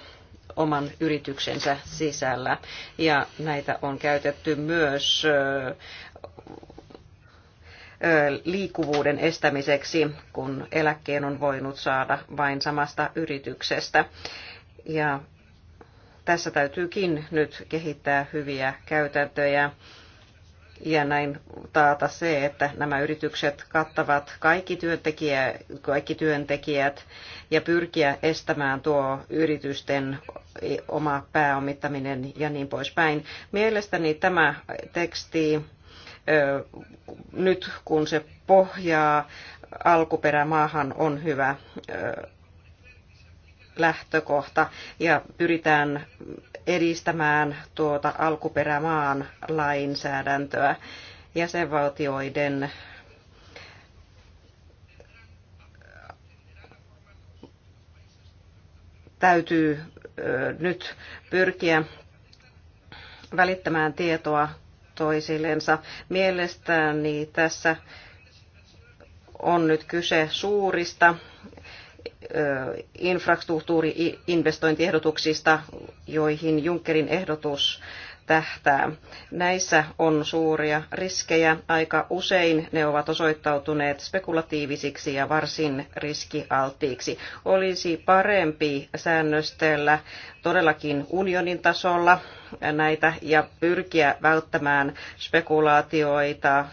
oman yrityksensä sisällä. Ja näitä on käytetty myös liikkuvuuden estämiseksi, kun eläkkeen on voinut saada vain samasta yrityksestä. Ja tässä täytyykin nyt kehittää hyviä käytäntöjä ja näin taata se, että nämä yritykset kattavat kaikki, työntekijä, kaikki työntekijät ja pyrkiä estämään tuo yritysten oma pääomittaminen ja niin poispäin. Mielestäni tämä teksti nyt kun se pohjaa alkuperämaahan on hyvä lähtökohta ja pyritään edistämään tuota alkuperämaan lainsäädäntöä jäsenvaltioiden täytyy nyt pyrkiä välittämään tietoa toisillensa. Mielestäni tässä on nyt kyse suurista infrastruktuuriinvestointiehdotuksista, joihin Junckerin ehdotus tähtää. Näissä on suuria riskejä. Aika usein ne ovat osoittautuneet spekulatiivisiksi ja varsin riskialtiiksi. Olisi parempi säännöstellä todellakin unionin tasolla näitä ja pyrkiä välttämään spekulaatioita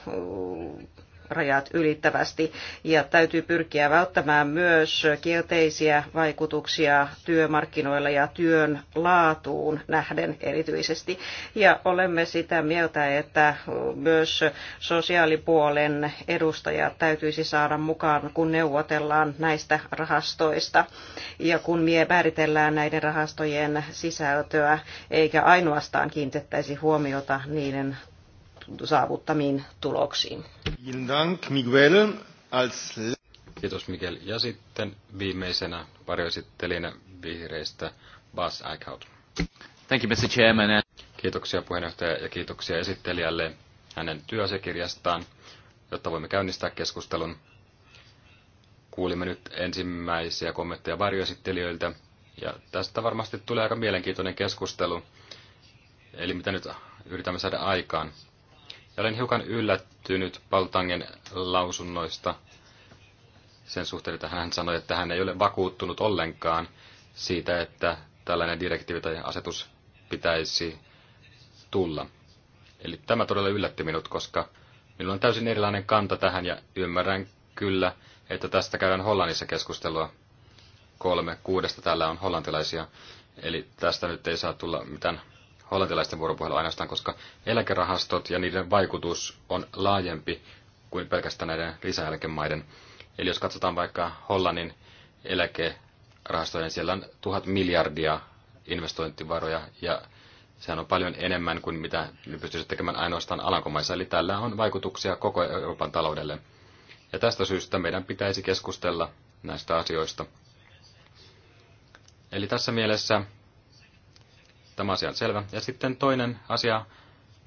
rajat ylittävästi. Ja täytyy pyrkiä välttämään myös kielteisiä vaikutuksia työmarkkinoilla ja työn laatuun nähden erityisesti. Ja olemme sitä mieltä, että myös sosiaalipuolen edustajat täytyisi saada mukaan, kun neuvotellaan näistä rahastoista ja kun määritellään näiden rahastojen sisältöä, eikä ainoastaan kiinnitettäisi huomiota niiden saavuttamiin tuloksiin. Kiitos Miguel. Ja sitten viimeisenä varjoesittelijänä vihreistä Bas Eichhout. Thank you, Mr. Chairman. Kiitoksia puheenjohtaja ja kiitoksia esittelijälle hänen työasiakirjastaan, jotta voimme käynnistää keskustelun. Kuulimme nyt ensimmäisiä kommentteja varjoesittelijöiltä ja tästä varmasti tulee aika mielenkiintoinen keskustelu. Eli mitä nyt yritämme saada aikaan. Ja olen hiukan yllättynyt Paltangen lausunnoista sen suhteen, että hän sanoi, että hän ei ole vakuuttunut ollenkaan siitä, että tällainen direktiivi tai asetus pitäisi tulla. Eli tämä todella yllätti minut, koska minulla on täysin erilainen kanta tähän ja ymmärrän kyllä, että tästä käydään Hollannissa keskustelua. Kolme kuudesta täällä on hollantilaisia, eli tästä nyt ei saa tulla mitään hollantilaisten vuoropuhelu ainoastaan, koska eläkerahastot ja niiden vaikutus on laajempi kuin pelkästään näiden lisäeläkemaiden. Eli jos katsotaan vaikka Hollannin eläkerahastoja, niin siellä on tuhat miljardia investointivaroja ja sehän on paljon enemmän kuin mitä ne pystyisivät tekemään ainoastaan Alankomaissa. Eli tällä on vaikutuksia koko Euroopan taloudelle. Ja tästä syystä meidän pitäisi keskustella näistä asioista. Eli tässä mielessä Tämä asia on selvä. Ja sitten toinen asia.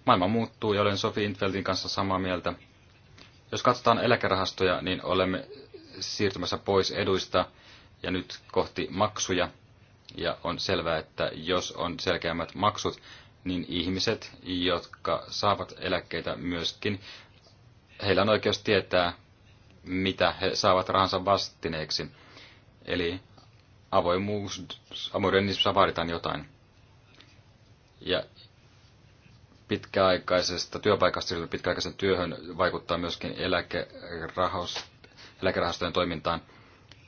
Maailma muuttuu ja olen Sofi Intveldin kanssa samaa mieltä. Jos katsotaan eläkerahastoja, niin olemme siirtymässä pois eduista ja nyt kohti maksuja. Ja on selvää, että jos on selkeämmät maksut, niin ihmiset, jotka saavat eläkkeitä myöskin, heillä on oikeus tietää, mitä he saavat rahansa vastineeksi. Eli avoimuus, avoimuudessa vaaditaan jotain. Ja pitkäaikaisesta työpaikasta siirtyy pitkäaikaisen työhön vaikuttaa myöskin eläkerahastojen toimintaan.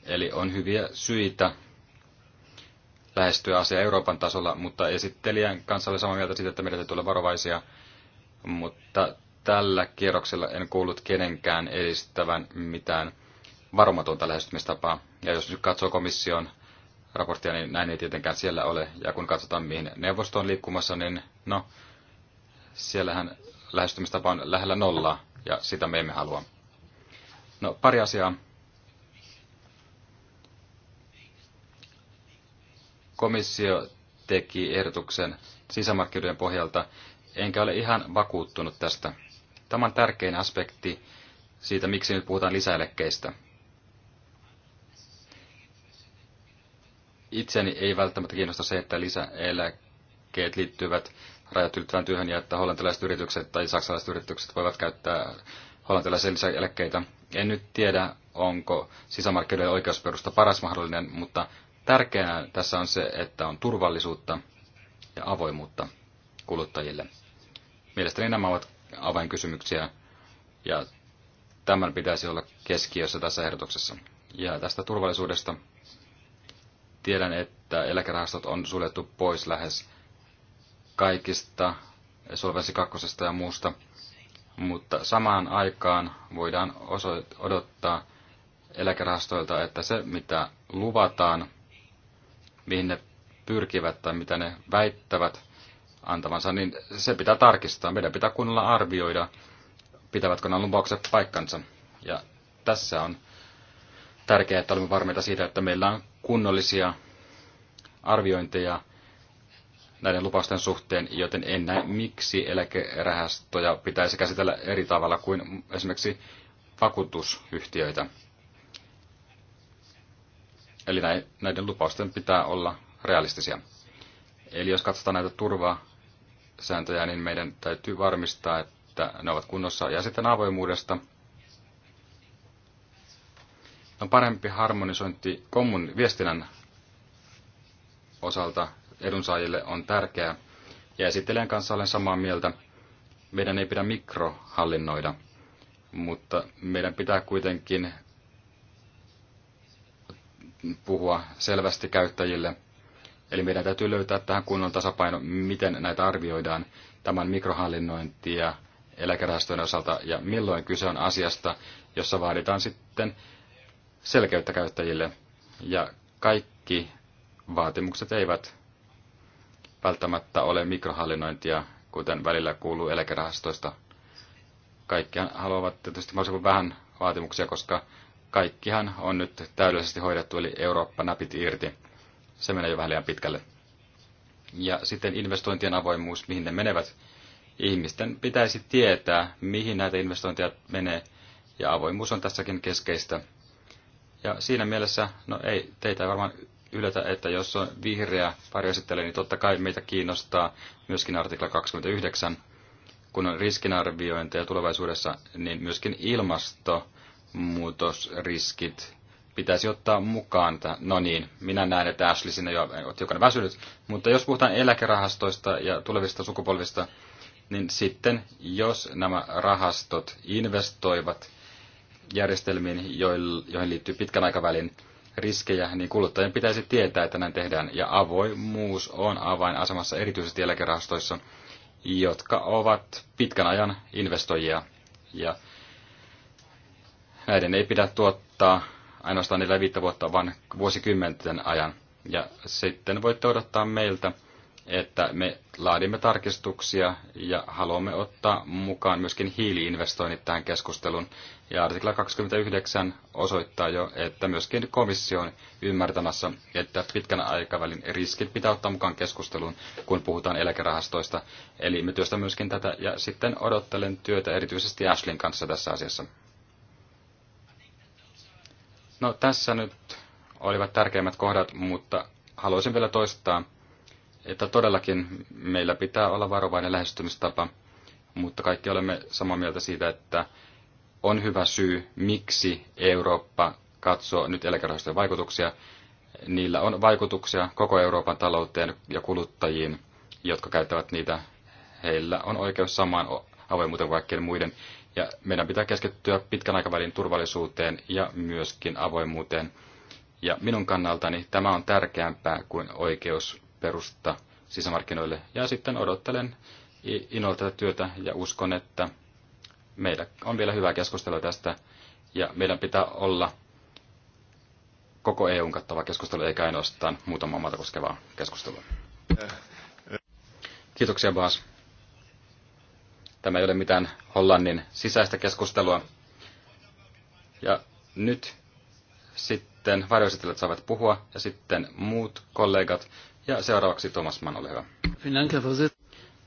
Eli on hyviä syitä lähestyä asiaa Euroopan tasolla, mutta esittelijän kanssa oli samaa mieltä siitä, että meidän täytyy olla varovaisia, mutta tällä kierroksella en kuullut kenenkään edistävän mitään varomatonta lähestymistapaa. Ja jos nyt katsoo komission raporttia, niin näin ei tietenkään siellä ole. Ja kun katsotaan, mihin neuvosto on liikkumassa, niin no, siellähän lähestymistapa on lähellä nollaa, ja sitä me emme halua. No, pari asiaa. Komissio teki ehdotuksen sisämarkkinoiden pohjalta, enkä ole ihan vakuuttunut tästä. Tämä on tärkein aspekti siitä, miksi nyt puhutaan lisäeläkkeistä. itseäni ei välttämättä kiinnosta se, että lisäeläkkeet liittyvät rajat ylittävään työhön ja että hollantilaiset yritykset tai saksalaiset yritykset voivat käyttää hollantilaisia lisäeläkkeitä. En nyt tiedä, onko sisämarkkinoiden oikeusperusta paras mahdollinen, mutta tärkeää tässä on se, että on turvallisuutta ja avoimuutta kuluttajille. Mielestäni nämä ovat avainkysymyksiä ja tämän pitäisi olla keskiössä tässä ehdotuksessa. Ja tästä turvallisuudesta Tiedän, että eläkerahastot on suljettu pois lähes kaikista Solvensi kakkosesta ja muusta, mutta samaan aikaan voidaan odottaa eläkerahastoilta, että se mitä luvataan, mihin ne pyrkivät tai mitä ne väittävät antavansa, niin se pitää tarkistaa. Meidän pitää kunnolla arvioida, pitävätkö nämä lupaukset paikkansa. Ja tässä on tärkeää, että olemme varmeita siitä, että meillä on kunnollisia arviointeja näiden lupausten suhteen, joten en näe, miksi eläkerahastoja pitäisi käsitellä eri tavalla kuin esimerkiksi vakuutusyhtiöitä. Eli näiden lupausten pitää olla realistisia. Eli jos katsotaan näitä turvasääntöjä, niin meidän täytyy varmistaa, että ne ovat kunnossa. Ja sitten avoimuudesta – on parempi harmonisointi kommun viestinnän osalta edunsaajille on tärkeää, ja esittelijän kanssa olen samaa mieltä. Meidän ei pidä mikrohallinnoida, mutta meidän pitää kuitenkin puhua selvästi käyttäjille. Eli meidän täytyy löytää tähän kunnon tasapaino, miten näitä arvioidaan tämän mikrohallinnointia eläkerahastojen osalta ja milloin kyse on asiasta, jossa vaaditaan sitten selkeyttä käyttäjille. Ja kaikki vaatimukset eivät välttämättä ole mikrohallinnointia, kuten välillä kuuluu eläkerahastoista. Kaikki haluavat tietysti mahdollisimman vähän vaatimuksia, koska kaikkihan on nyt täydellisesti hoidettu, eli Eurooppa napit irti. Se menee jo vähän liian pitkälle. Ja sitten investointien avoimuus, mihin ne menevät. Ihmisten pitäisi tietää, mihin näitä investointeja menee, ja avoimuus on tässäkin keskeistä. Ja siinä mielessä, no ei, teitä ei varmaan yllätä, että jos on vihreä varjoesittely, niin totta kai meitä kiinnostaa myöskin artikla 29. Kun on riskinarviointeja tulevaisuudessa, niin myöskin ilmastonmuutosriskit pitäisi ottaa mukaan. No niin, minä näen, että Ashley sinne jo eh, on hiukan väsynyt, mutta jos puhutaan eläkerahastoista ja tulevista sukupolvista, niin sitten jos nämä rahastot investoivat järjestelmiin, joihin liittyy pitkän aikavälin riskejä, niin kuluttajien pitäisi tietää, että näin tehdään. Ja avoimuus on avainasemassa erityisesti eläkerahastoissa, jotka ovat pitkän ajan investoijia. Ja näiden ei pidä tuottaa ainoastaan 4 vuotta, vaan vuosikymmenten ajan. Ja sitten voitte odottaa meiltä että me laadimme tarkistuksia ja haluamme ottaa mukaan myöskin hiiliinvestoinnit tähän keskusteluun. Ja artikla 29 osoittaa jo, että myöskin komissio on ymmärtämässä, että pitkän aikavälin riskit pitää ottaa mukaan keskusteluun, kun puhutaan eläkerahastoista. Eli me työstämme myöskin tätä ja sitten odottelen työtä erityisesti Ashlin kanssa tässä asiassa. No tässä nyt olivat tärkeimmät kohdat, mutta haluaisin vielä toistaa, että todellakin meillä pitää olla varovainen lähestymistapa, mutta kaikki olemme samaa mieltä siitä, että on hyvä syy, miksi Eurooppa katsoo nyt eläkerahastojen vaikutuksia. Niillä on vaikutuksia koko Euroopan talouteen ja kuluttajiin, jotka käyttävät niitä. Heillä on oikeus samaan avoimuuteen kaikkien muiden. Ja meidän pitää keskittyä pitkän aikavälin turvallisuuteen ja myöskin avoimuuteen. Ja minun kannaltani tämä on tärkeämpää kuin oikeus perusta sisämarkkinoille. Ja sitten odottelen innolla tätä työtä ja uskon, että meillä on vielä hyvää keskustelua tästä ja meidän pitää olla koko EUn kattava keskustelu eikä ainoastaan muutama maata koskevaa keskustelua. Kiitoksia Baas. Tämä ei ole mitään Hollannin sisäistä keskustelua. Ja nyt sitten varjoesittelijät saavat puhua ja sitten muut kollegat ja seuraavaksi Thomas Mann, ole hyvä.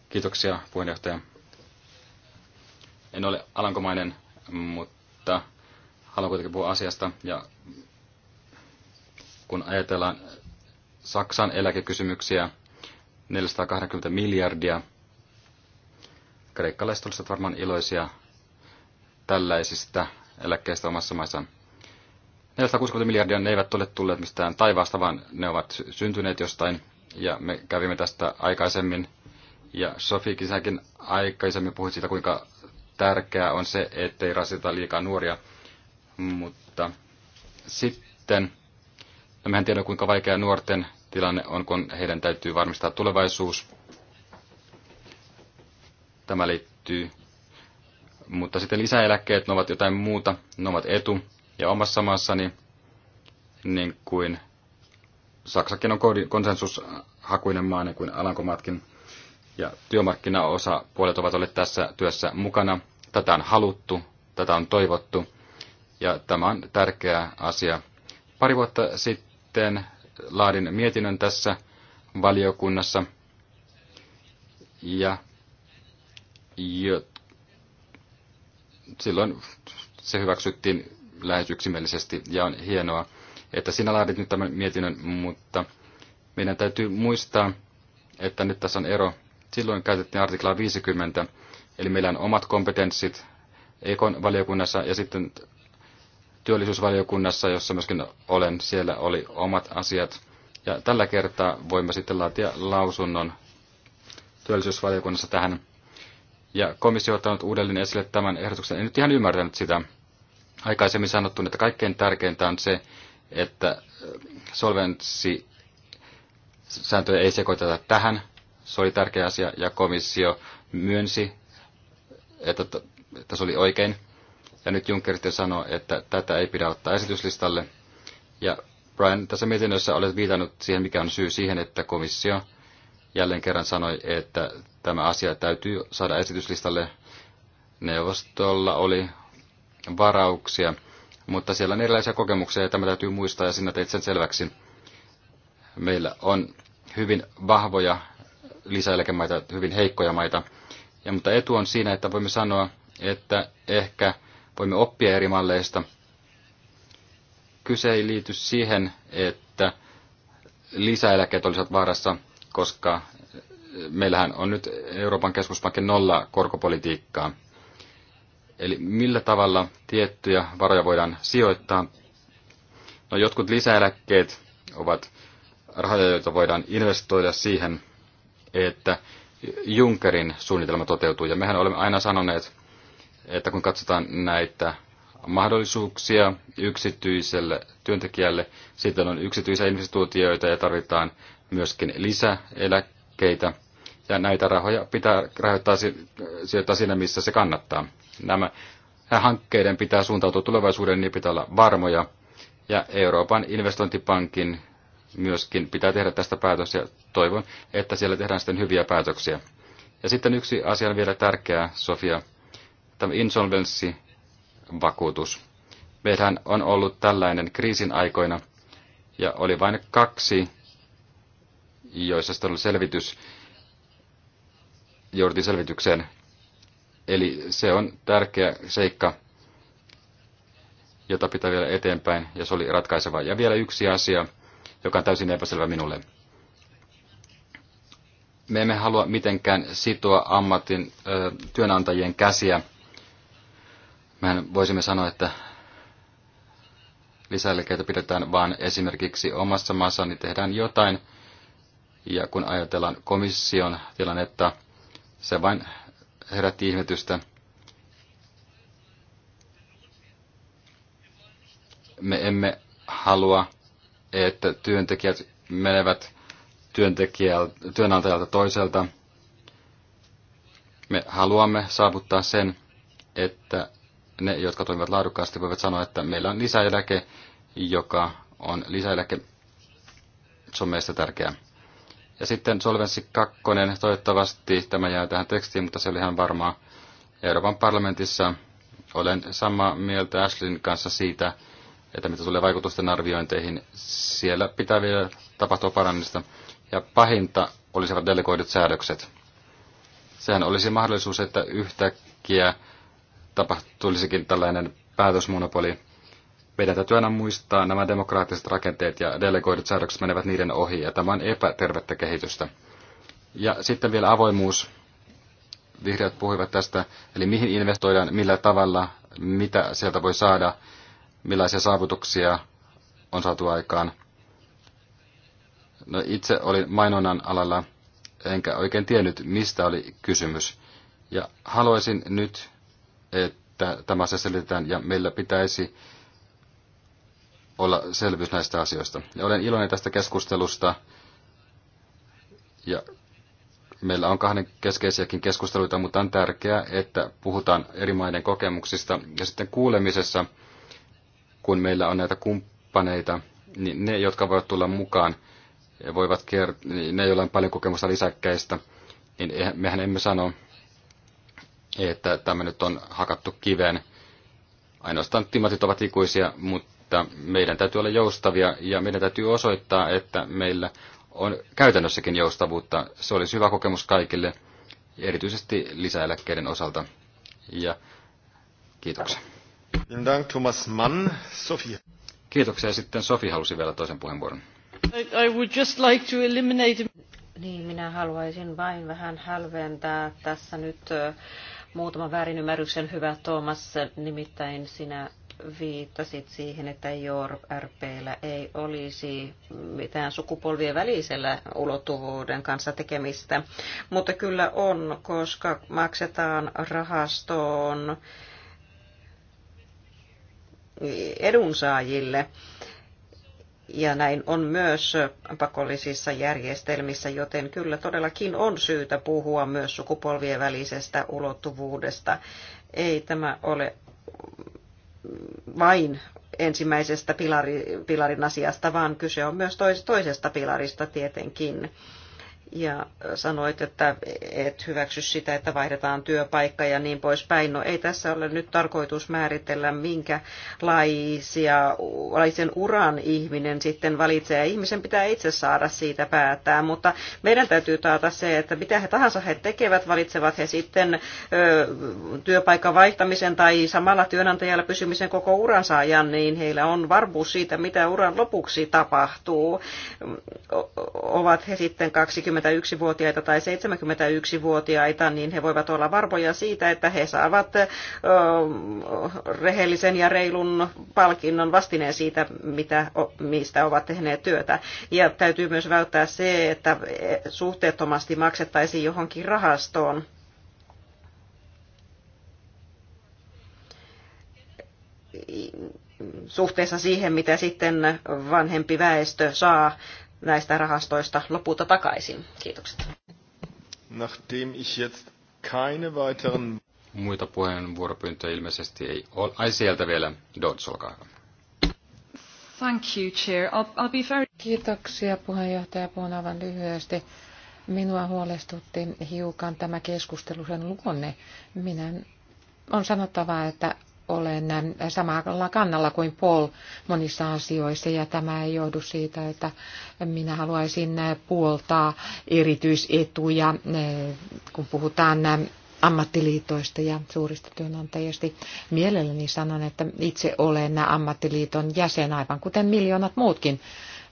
Kiitoksia puheenjohtaja. En ole alankomainen, mutta haluan kuitenkin puhua asiasta. Ja kun ajatellaan Saksan eläkekysymyksiä, 480 miljardia. Kreikkalaiset olisivat varmaan iloisia tällaisista eläkkeistä omassa maissaan. 460 miljardia ne eivät ole tulleet mistään taivaasta, vaan ne ovat syntyneet jostain ja me kävimme tästä aikaisemmin. Ja Sofiikin Kisäkin aikaisemmin puhui siitä, kuinka tärkeää on se, ettei rasita liikaa nuoria. Mutta sitten, no mehän tiedämme kuinka vaikea nuorten tilanne on, kun heidän täytyy varmistaa tulevaisuus. Tämä liittyy. Mutta sitten lisäeläkkeet, ne ovat jotain muuta, ne ovat etu. Ja omassa maassani, niin kuin Saksakin on konsensushakuinen maa, niin kuin Alankomaatkin. Ja työmarkkinaosapuolet ovat olleet tässä työssä mukana. Tätä on haluttu, tätä on toivottu. Ja tämä on tärkeä asia. Pari vuotta sitten laadin mietinnön tässä valiokunnassa. Ja jo, silloin se hyväksyttiin lähes yksimielisesti ja on hienoa, että sinä laadit nyt tämän mietinnön, mutta meidän täytyy muistaa, että nyt tässä on ero. Silloin käytettiin artiklaa 50, eli meillä on omat kompetenssit EKon valiokunnassa ja sitten työllisyysvaliokunnassa, jossa myöskin olen, siellä oli omat asiat. Ja tällä kertaa voimme sitten laatia lausunnon työllisyysvaliokunnassa tähän. Ja komissio on ottanut uudelleen esille tämän ehdotuksen. En nyt ihan ymmärtänyt sitä. Aikaisemmin sanottu, että kaikkein tärkeintä on se, että solvenssi sääntöjä ei sekoiteta tähän. Se oli tärkeä asia ja komissio myönsi, että, että se oli oikein. Ja nyt Juncker sitten sanoo, että tätä ei pidä ottaa esityslistalle. Ja Brian, tässä mietinnössä olet viitannut siihen, mikä on syy siihen, että komissio jälleen kerran sanoi, että tämä asia täytyy saada esityslistalle. Neuvostolla oli varauksia mutta siellä on erilaisia kokemuksia ja tämä täytyy muistaa ja sinä teit sen selväksi. Meillä on hyvin vahvoja lisäeläkemaita, hyvin heikkoja maita. Ja, mutta etu on siinä, että voimme sanoa, että ehkä voimme oppia eri malleista. Kyse ei liity siihen, että lisäeläkkeet olisivat vaarassa, koska meillähän on nyt Euroopan keskuspankin nolla korkopolitiikkaa. Eli millä tavalla tiettyjä varoja voidaan sijoittaa. No, jotkut lisäeläkkeet ovat rahoja, joita voidaan investoida siihen, että Junckerin suunnitelma toteutuu. Ja mehän olemme aina sanoneet, että kun katsotaan näitä mahdollisuuksia yksityiselle työntekijälle, sitten on yksityisiä instituutioita ja tarvitaan myöskin lisäeläkkeitä – ja näitä rahoja pitää rahoittaa, sieltä siinä, missä se kannattaa. Nämä hankkeiden pitää suuntautua tulevaisuuden, niin pitää olla varmoja. Ja Euroopan investointipankin myöskin pitää tehdä tästä päätös ja toivon, että siellä tehdään sitten hyviä päätöksiä. Ja sitten yksi asia on vielä tärkeää, Sofia, tämä insolvenssivakuutus. Meillähän on ollut tällainen kriisin aikoina ja oli vain kaksi, joissa sitten oli selvitys jouduttiin selvitykseen. Eli se on tärkeä seikka, jota pitää vielä eteenpäin, ja se oli ratkaiseva. Ja vielä yksi asia, joka on täysin epäselvä minulle. Me emme halua mitenkään sitoa ammatin ö, työnantajien käsiä. Mehän voisimme sanoa, että lisäeläkeitä pidetään, vaan esimerkiksi omassa maassa, niin tehdään jotain. Ja kun ajatellaan komission tilannetta, se vain herätti ihmetystä. Me emme halua, että työntekijät menevät työnantajalta toiselta. Me haluamme saavuttaa sen, että ne, jotka toimivat laadukkaasti, voivat sanoa, että meillä on lisäeläke, joka on lisäeläke. Se on meistä tärkeää. Ja sitten Solvenssi 2, toivottavasti tämä jää tähän tekstiin, mutta se oli ihan varmaa. Euroopan parlamentissa olen samaa mieltä Ashlin kanssa siitä, että mitä tulee vaikutusten arviointeihin, siellä pitää vielä tapahtua parannista. Ja pahinta olisivat delegoidut säädökset. Sehän olisi mahdollisuus, että yhtäkkiä tapahtuisikin tällainen päätösmonopoli, meidän täytyy aina muistaa nämä demokraattiset rakenteet ja delegoidut säädökset menevät niiden ohi, ja tämä on epätervettä kehitystä. Ja sitten vielä avoimuus. Vihreät puhuivat tästä, eli mihin investoidaan, millä tavalla, mitä sieltä voi saada, millaisia saavutuksia on saatu aikaan. No itse olin mainonnan alalla, enkä oikein tiennyt, mistä oli kysymys. Ja haluaisin nyt, että tämä asia selitetään, ja meillä pitäisi olla selvyys näistä asioista. Ja olen iloinen tästä keskustelusta. Ja meillä on kahden keskeisiäkin keskusteluita, mutta on tärkeää, että puhutaan eri maiden kokemuksista. Ja sitten kuulemisessa, kun meillä on näitä kumppaneita, niin ne, jotka voivat tulla mukaan, voivat kert- niin ne, joilla on paljon kokemusta lisäkkäistä, niin mehän emme sano, että tämä nyt on hakattu kiveen. Ainoastaan timatit ovat ikuisia, mutta mutta meidän täytyy olla joustavia ja meidän täytyy osoittaa, että meillä on käytännössäkin joustavuutta. Se olisi hyvä kokemus kaikille, erityisesti lisäeläkkeiden osalta. Ja kiitoksia. Dank Thomas Mann, Sofia. Kiitoksia. Sitten Sofi halusi vielä toisen puheenvuoron. I would just like to eliminate... Niin, minä haluaisin vain vähän hälventää tässä nyt muutaman väärinymmärryksen, hyvä Thomas. Nimittäin sinä viittasit siihen, että Europe RPllä ei olisi mitään sukupolvien välisellä ulottuvuuden kanssa tekemistä, mutta kyllä on, koska maksetaan rahastoon edunsaajille. Ja näin on myös pakollisissa järjestelmissä, joten kyllä todellakin on syytä puhua myös sukupolvien välisestä ulottuvuudesta. Ei tämä ole vain ensimmäisestä pilari, pilarin asiasta, vaan kyse on myös toisesta pilarista tietenkin ja sanoit, että et hyväksy sitä, että vaihdetaan työpaikka ja niin poispäin. No ei tässä ole nyt tarkoitus määritellä, minkälaisen laisen uran ihminen sitten valitsee. Ja ihmisen pitää itse saada siitä päättää, mutta meidän täytyy taata se, että mitä he tahansa he tekevät, valitsevat he sitten ö, työpaikan vaihtamisen tai samalla työnantajalla pysymisen koko uransa ajan, niin heillä on varmuus siitä, mitä uran lopuksi tapahtuu. O- ovat he sitten 20 61-vuotiaita tai 71-vuotiaita, niin he voivat olla varmoja siitä, että he saavat rehellisen ja reilun palkinnon vastineen siitä, mitä, mistä ovat tehneet työtä. Ja täytyy myös välttää se, että suhteettomasti maksettaisiin johonkin rahastoon. suhteessa siihen, mitä sitten vanhempi väestö saa näistä rahastoista lopulta takaisin. Kiitokset. Nachdem ich jetzt keine weiteren... Muita puheenvuoropyyntöjä ilmeisesti ei ole. Ai sieltä vielä. Dodds, olkaa hyvä. Thank you, Chair. I'll, I'll be very... Kiitoksia puheenjohtaja. Puhun aivan lyhyesti. Minua huolestutti hiukan tämä keskustelu sen luonne. Minä on sanottava, että olen samalla kannalla kuin Paul monissa asioissa ja tämä ei johdu siitä, että minä haluaisin puoltaa erityisetuja, eh, kun puhutaan ammattiliitoista ja suurista työnantajista. Mielelläni sanon, että itse olen ammattiliiton jäsen, aivan kuten miljoonat muutkin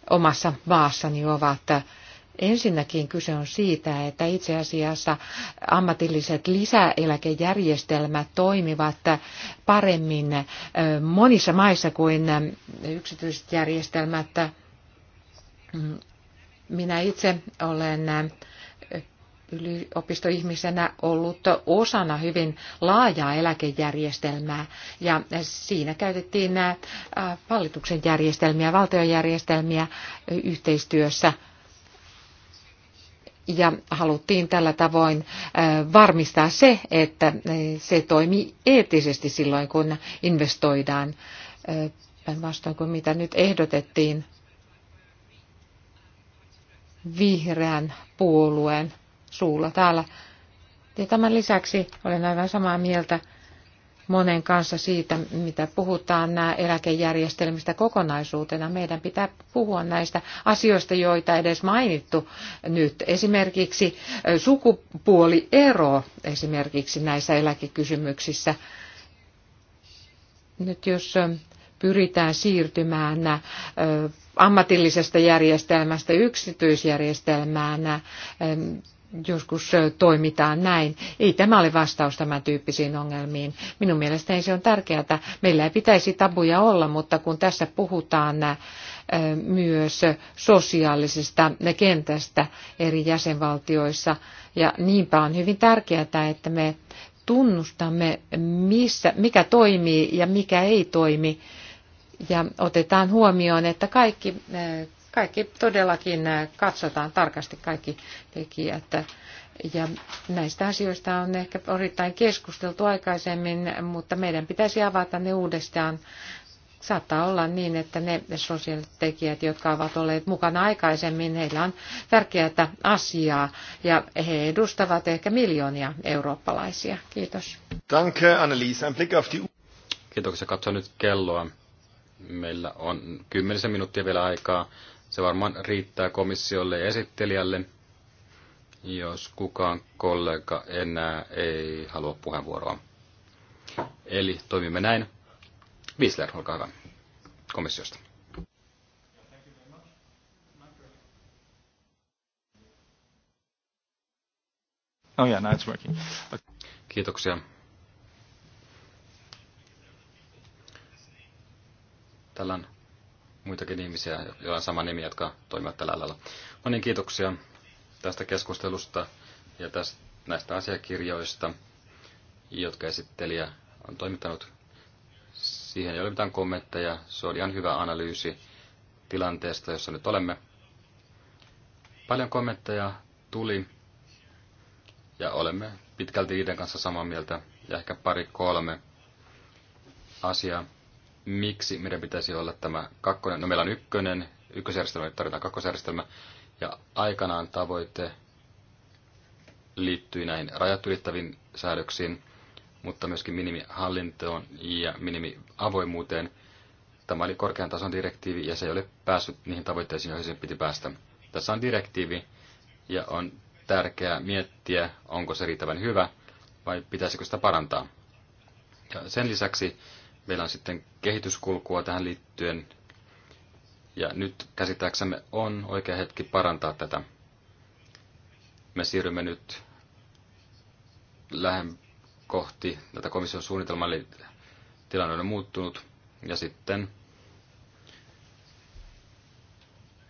omassa maassani ovat. Ensinnäkin kyse on siitä, että itse asiassa ammatilliset lisäeläkejärjestelmät toimivat paremmin monissa maissa kuin yksityiset järjestelmät. Mm, minä itse olen yliopistoihmisenä ollut osana hyvin laajaa eläkejärjestelmää ja siinä käytettiin hallituksen järjestelmiä, valtion järjestelmiä yhteistyössä ja haluttiin tällä tavoin äh, varmistaa se, että äh, se toimii eettisesti silloin, kun investoidaan äh, päinvastoin kuin mitä nyt ehdotettiin vihreän puolueen suulla täällä. Ja tämän lisäksi olen aivan samaa mieltä monen kanssa siitä, mitä puhutaan nämä eläkejärjestelmistä kokonaisuutena. Meidän pitää puhua näistä asioista, joita edes mainittu nyt. Esimerkiksi sukupuoliero esimerkiksi näissä eläkekysymyksissä. Nyt jos pyritään siirtymään ammatillisesta järjestelmästä yksityisjärjestelmään, joskus toimitaan näin. Ei tämä ole vastaus tämän tyyppisiin ongelmiin. Minun mielestäni se on tärkeää. että Meillä ei pitäisi tabuja olla, mutta kun tässä puhutaan myös sosiaalisesta kentästä eri jäsenvaltioissa, ja niinpä on hyvin tärkeää, että me tunnustamme, missä, mikä toimii ja mikä ei toimi. Ja otetaan huomioon, että kaikki kaikki todellakin äh, katsotaan tarkasti kaikki tekijät. Ja näistä asioista on ehkä orittain keskusteltu aikaisemmin, mutta meidän pitäisi avata ne uudestaan. Saattaa olla niin, että ne sosiaalitekijät, jotka ovat olleet mukana aikaisemmin, heillä on tärkeää asiaa ja he edustavat ehkä miljoonia eurooppalaisia. Kiitos. Danke, Annelies. Ein Blick auf die... Kiitoksia. Katso nyt kelloa. Meillä on kymmenisen minuuttia vielä aikaa se varmaan riittää komissiolle ja esittelijälle, jos kukaan kollega enää ei halua puheenvuoroa. Eli toimimme näin. Wiesler, olkaa hyvä komissiosta. Oh yeah, now it's working. Okay. Kiitoksia. Tällä on muitakin ihmisiä, joilla on sama nimi, jotka toimivat tällä alalla. No niin, kiitoksia tästä keskustelusta ja tästä, näistä asiakirjoista, jotka esittelijä on toimittanut. Siihen ei ole mitään kommentteja. Se oli ihan hyvä analyysi tilanteesta, jossa nyt olemme. Paljon kommentteja tuli ja olemme pitkälti niiden kanssa samaa mieltä ja ehkä pari kolme asiaa miksi meidän pitäisi olla tämä kakkonen. No meillä on ykkönen, ykkösjärjestelmä, nyt tarvitaan kakkosjärjestelmä. Ja aikanaan tavoite liittyy näihin rajat ylittäviin säädöksiin, mutta myöskin minimihallintoon ja minimiavoimuuteen. Tämä oli korkean tason direktiivi ja se ei ole päässyt niihin tavoitteisiin, joihin sen piti päästä. Tässä on direktiivi ja on tärkeää miettiä, onko se riittävän hyvä vai pitäisikö sitä parantaa. Ja sen lisäksi Meillä on sitten kehityskulkua tähän liittyen. Ja nyt käsittääksemme on oikea hetki parantaa tätä. Me siirrymme nyt lähem kohti tätä komission suunnitelmaa, eli tilanne on muuttunut. Ja sitten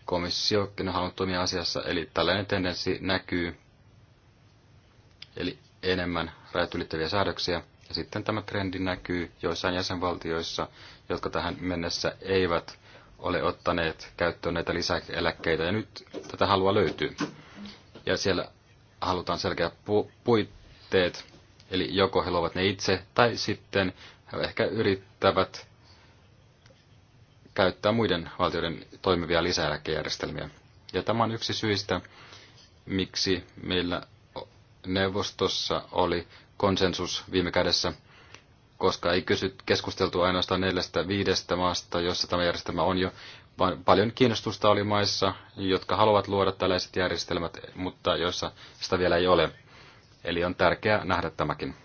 komissiokin on halunnut toimia asiassa, eli tällainen tendenssi näkyy, eli enemmän rajat ylittäviä säädöksiä. Ja sitten tämä trendi näkyy joissain jäsenvaltioissa, jotka tähän mennessä eivät ole ottaneet käyttöön näitä lisäeläkkeitä, ja nyt tätä halua löytyy. Ja siellä halutaan selkeä pu- puitteet, eli joko he luovat ne itse, tai sitten he ehkä yrittävät käyttää muiden valtioiden toimivia lisäeläkejärjestelmiä. Ja tämä on yksi syistä, miksi meillä neuvostossa oli konsensus viime kädessä, koska ei kysy, keskusteltu ainoastaan neljästä viidestä maasta, jossa tämä järjestelmä on jo, vaan paljon kiinnostusta oli maissa, jotka haluavat luoda tällaiset järjestelmät, mutta joissa sitä vielä ei ole. Eli on tärkeää nähdä tämäkin.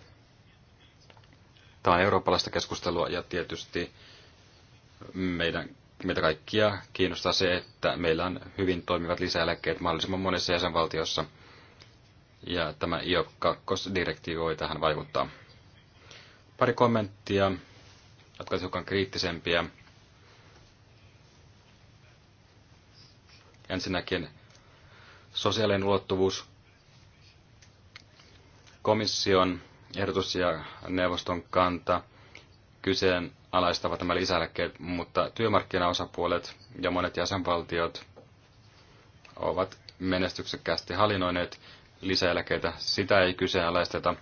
Tämä on eurooppalaista keskustelua ja tietysti meidän, meitä kaikkia kiinnostaa se, että meillä on hyvin toimivat lisäeläkkeet mahdollisimman monessa jäsenvaltiossa – ja tämä IOP-2-direktiivi voi tähän vaikuttaa. Pari kommenttia, jotka ovat hiukan kriittisempiä. Ensinnäkin sosiaalinen ulottuvuus. Komission ehdotus ja neuvoston kanta kyseenalaistavat tämä lisäeläkkeet, mutta työmarkkinaosapuolet ja monet jäsenvaltiot ovat menestyksekkäästi hallinnoineet lisäeläkeitä, sitä ei kyseenalaisteta,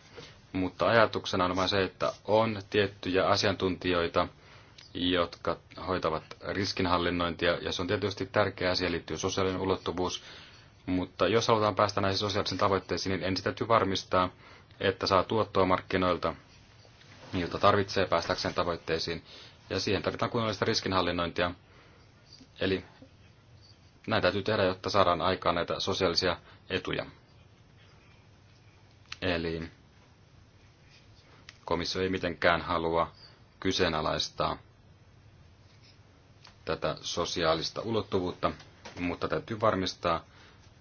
mutta ajatuksena on vain se, että on tiettyjä asiantuntijoita, jotka hoitavat riskinhallinnointia, ja se on tietysti tärkeä asia, liittyy sosiaalinen ulottuvuus, mutta jos halutaan päästä näihin sosiaalisiin tavoitteisiin, niin ensin täytyy varmistaa, että saa tuottoa markkinoilta, jota tarvitsee päästäkseen tavoitteisiin, ja siihen tarvitaan kunnollista riskinhallinnointia. Eli näitä täytyy tehdä, jotta saadaan aikaan näitä sosiaalisia etuja. Eli komissio ei mitenkään halua kyseenalaistaa tätä sosiaalista ulottuvuutta, mutta täytyy varmistaa,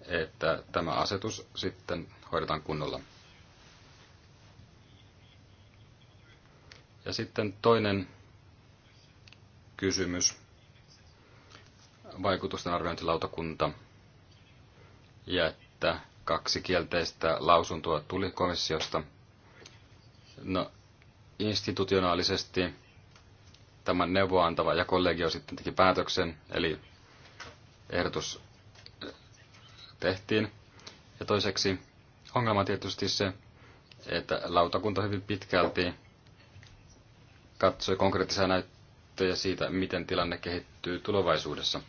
että tämä asetus sitten hoidetaan kunnolla. Ja sitten toinen kysymys. Vaikutusten arviointilautakunta. Ja että Kaksi kielteistä lausuntoa tuli komissiosta. No, institutionaalisesti tämän neuvoantava ja kollegio sitten teki päätöksen, eli ehdotus eh, tehtiin. Ja toiseksi ongelma on tietysti se, että lautakunta hyvin pitkälti katsoi konkreettisia näyttöjä siitä, miten tilanne kehittyy tulevaisuudessa.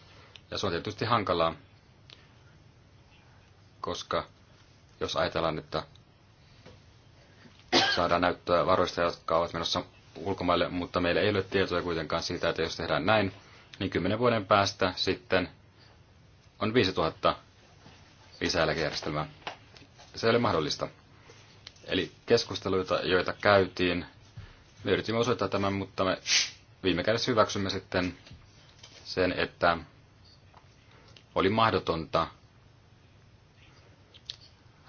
Ja se on tietysti hankalaa, koska jos ajatellaan, että saadaan näyttöä varoista, jotka ovat menossa ulkomaille, mutta meillä ei ole tietoja kuitenkaan siitä, että jos tehdään näin, niin kymmenen vuoden päästä sitten on 5000 lisäeläkejärjestelmää. Se ei ole mahdollista. Eli keskusteluita, joita käytiin, me yritimme osoittaa tämän, mutta me viime kädessä hyväksymme sitten sen, että oli mahdotonta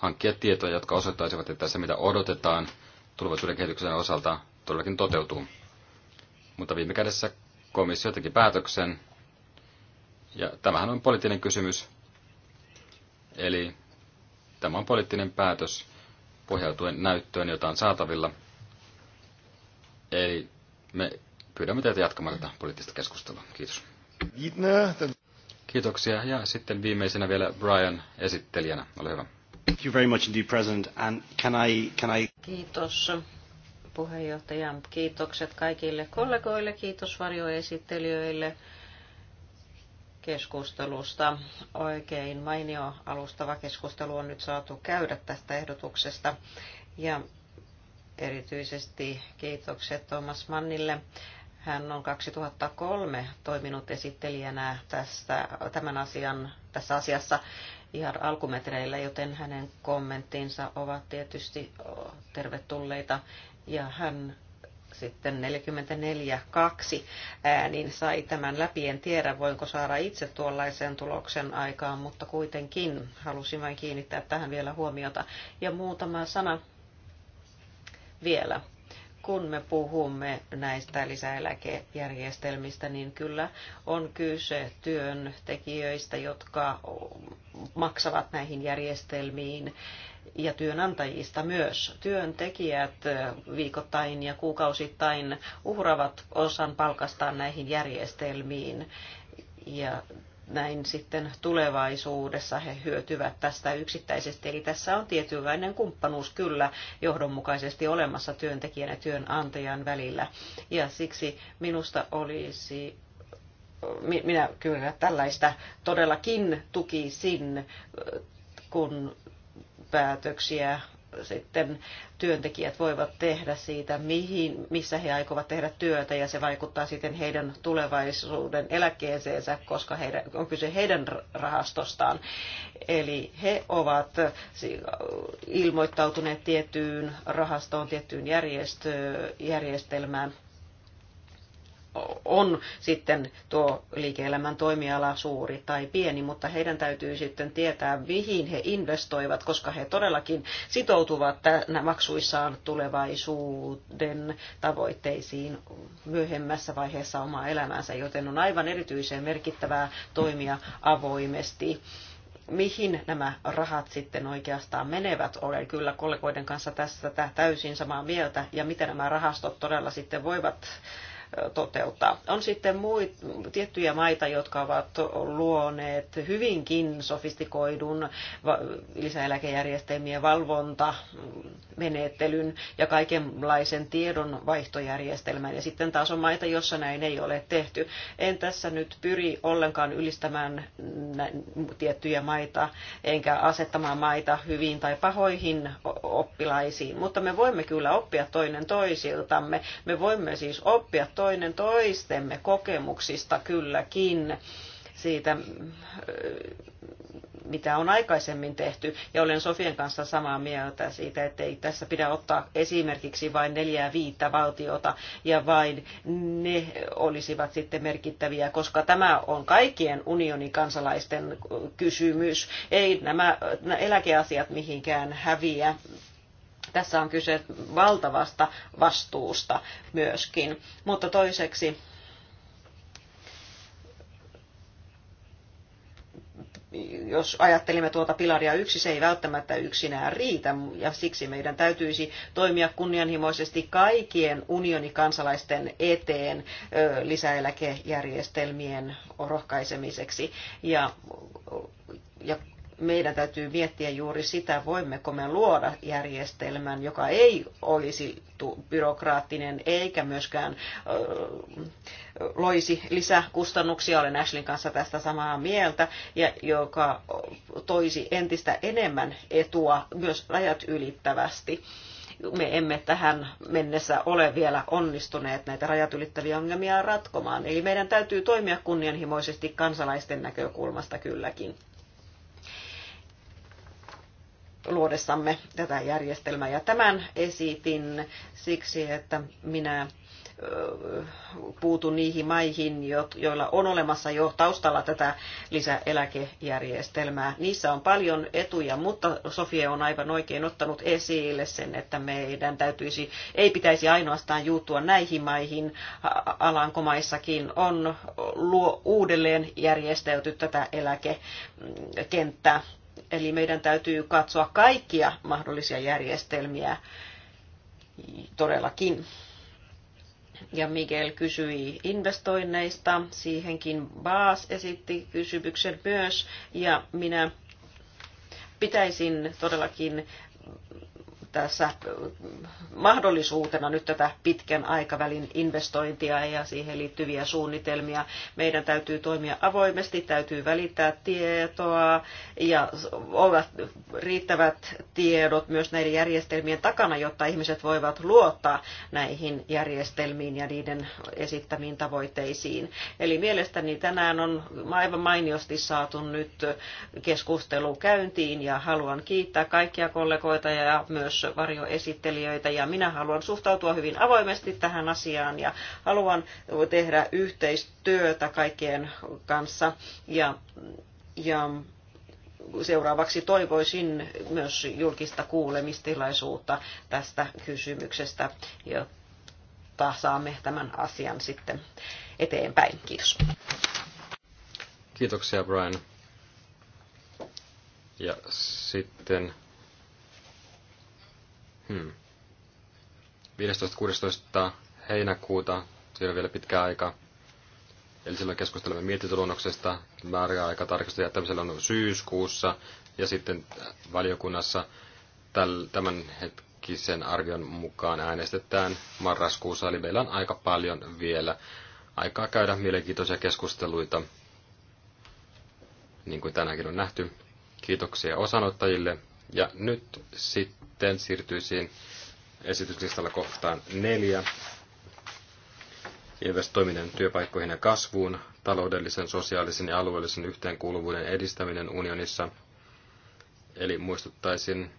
hankkia tietoja, jotka osoittaisivat, että se mitä odotetaan tulevaisuuden kehityksen osalta todellakin toteutuu. Mutta viime kädessä komissio teki päätöksen, ja tämähän on poliittinen kysymys, eli tämä on poliittinen päätös pohjautuen näyttöön, jota on saatavilla. Eli me pyydämme teitä jatkamaan tätä poliittista keskustelua. Kiitos. Kiitoksia. Ja sitten viimeisenä vielä Brian esittelijänä. Ole hyvä. Thank you very much indeed, President. And can I, can I... Kiitos puheenjohtaja. Kiitokset kaikille kollegoille, kiitos varjoesittelijöille keskustelusta. Oikein mainio alustava keskustelu on nyt saatu käydä tästä ehdotuksesta. Ja erityisesti kiitokset Thomas Mannille. Hän on 2003 toiminut esittelijänä tässä, tämän asian, tässä asiassa ihan alkumetreillä, joten hänen kommenttinsa ovat tietysti tervetulleita. Ja hän sitten 442 äänin sai tämän läpi. En tiedä, voinko saada itse tuollaisen tuloksen aikaan, mutta kuitenkin halusin vain kiinnittää tähän vielä huomiota. Ja muutama sana vielä kun me puhumme näistä lisäeläkejärjestelmistä, niin kyllä on kyse työntekijöistä, jotka maksavat näihin järjestelmiin ja työnantajista myös. Työntekijät viikoittain ja kuukausittain uhravat osan palkastaan näihin järjestelmiin ja näin sitten tulevaisuudessa he hyötyvät tästä yksittäisesti. Eli tässä on tietynlainen kumppanuus kyllä johdonmukaisesti olemassa työntekijän ja työnantajan välillä. Ja siksi minusta olisi minä kyllä tällaista todellakin tukisin, kun päätöksiä sitten työntekijät voivat tehdä siitä, mihin, missä he aikovat tehdä työtä, ja se vaikuttaa sitten heidän tulevaisuuden eläkkeeseensä, koska heidän, on kyse heidän rahastostaan. Eli he ovat ilmoittautuneet tiettyyn rahastoon, tiettyyn järjestö, järjestelmään, on sitten tuo liike-elämän toimiala suuri tai pieni, mutta heidän täytyy sitten tietää, mihin he investoivat, koska he todellakin sitoutuvat maksuissaan tulevaisuuden tavoitteisiin myöhemmässä vaiheessa omaa elämäänsä, joten on aivan erityisen merkittävää toimia avoimesti mihin nämä rahat sitten oikeastaan menevät. Olen kyllä kollegoiden kanssa tässä täysin samaa mieltä ja miten nämä rahastot todella sitten voivat toteuttaa. On sitten muit, tiettyjä maita, jotka ovat luoneet hyvinkin sofistikoidun lisäeläkejärjestelmien valvontamenettelyn ja kaikenlaisen tiedon vaihtojärjestelmän. Ja sitten taas on maita, jossa näin ei ole tehty. En tässä nyt pyri ollenkaan ylistämään tiettyjä maita, enkä asettamaan maita hyvin tai pahoihin oppilaisiin, mutta me voimme kyllä oppia toinen toisiltamme. Me voimme siis oppia to- toinen toistemme kokemuksista kylläkin siitä, mitä on aikaisemmin tehty. Ja olen Sofien kanssa samaa mieltä siitä, että ei tässä pidä ottaa esimerkiksi vain neljää viittä valtiota ja vain ne olisivat sitten merkittäviä, koska tämä on kaikkien unionin kansalaisten kysymys. Ei nämä eläkeasiat mihinkään häviä tässä on kyse valtavasta vastuusta myöskin. Mutta toiseksi jos ajattelimme tuota pilaria yksi, se ei välttämättä yksinään riitä, ja siksi meidän täytyisi toimia kunnianhimoisesti kaikkien unionikansalaisten eteen lisäeläkejärjestelmien rohkaisemiseksi. Ja, ja meidän täytyy miettiä juuri sitä, voimmeko me luoda järjestelmän, joka ei olisi byrokraattinen eikä myöskään loisi lisäkustannuksia, olen Ashlin kanssa tästä samaa mieltä, ja joka toisi entistä enemmän etua myös rajat ylittävästi me emme tähän mennessä ole vielä onnistuneet näitä rajat ylittäviä ongelmia ratkomaan. Eli meidän täytyy toimia kunnianhimoisesti kansalaisten näkökulmasta kylläkin luodessamme tätä järjestelmää. Ja tämän esitin siksi, että minä puutun niihin maihin, joilla on olemassa jo taustalla tätä lisäeläkejärjestelmää. Niissä on paljon etuja, mutta Sofia on aivan oikein ottanut esille sen, että meidän täytyisi, ei pitäisi ainoastaan juuttua näihin maihin. Alankomaissakin on luo uudelleen järjestelty tätä eläkekenttää Eli meidän täytyy katsoa kaikkia mahdollisia järjestelmiä todellakin. Ja Miguel kysyi investoinneista, siihenkin Baas esitti kysymyksen myös, ja minä pitäisin todellakin tässä mahdollisuutena nyt tätä pitkän aikavälin investointia ja siihen liittyviä suunnitelmia. Meidän täytyy toimia avoimesti, täytyy välittää tietoa ja olla riittävät tiedot myös näiden järjestelmien takana, jotta ihmiset voivat luottaa näihin järjestelmiin ja niiden esittämiin tavoitteisiin. Eli mielestäni tänään on aivan mainiosti saatu nyt keskustelu käyntiin ja haluan kiittää kaikkia kollegoita ja myös varjoesittelijöitä ja minä haluan suhtautua hyvin avoimesti tähän asiaan ja haluan tehdä yhteistyötä kaikkien kanssa ja, ja seuraavaksi toivoisin myös julkista kuulemistilaisuutta tästä kysymyksestä, jotta saamme tämän asian sitten eteenpäin. Kiitos. Kiitoksia Brian. Ja sitten Hmm. 15.16. heinäkuuta, siinä on vielä pitkä aika. Eli silloin keskustelemme mietintöluonnoksesta, määräaika tarkistus jättämisellä on syyskuussa, ja sitten valiokunnassa tämän hetkisen arvion mukaan äänestetään marraskuussa, eli meillä on aika paljon vielä aikaa käydä mielenkiintoisia keskusteluita, niin kuin tänäänkin on nähty. Kiitoksia osanottajille, ja nyt sitten sitten siirtyisiin esityslistalla kohtaan neljä. Investoiminen työpaikkoihin ja kasvuun, taloudellisen, sosiaalisen ja alueellisen yhteenkuuluvuuden edistäminen unionissa. Eli muistuttaisin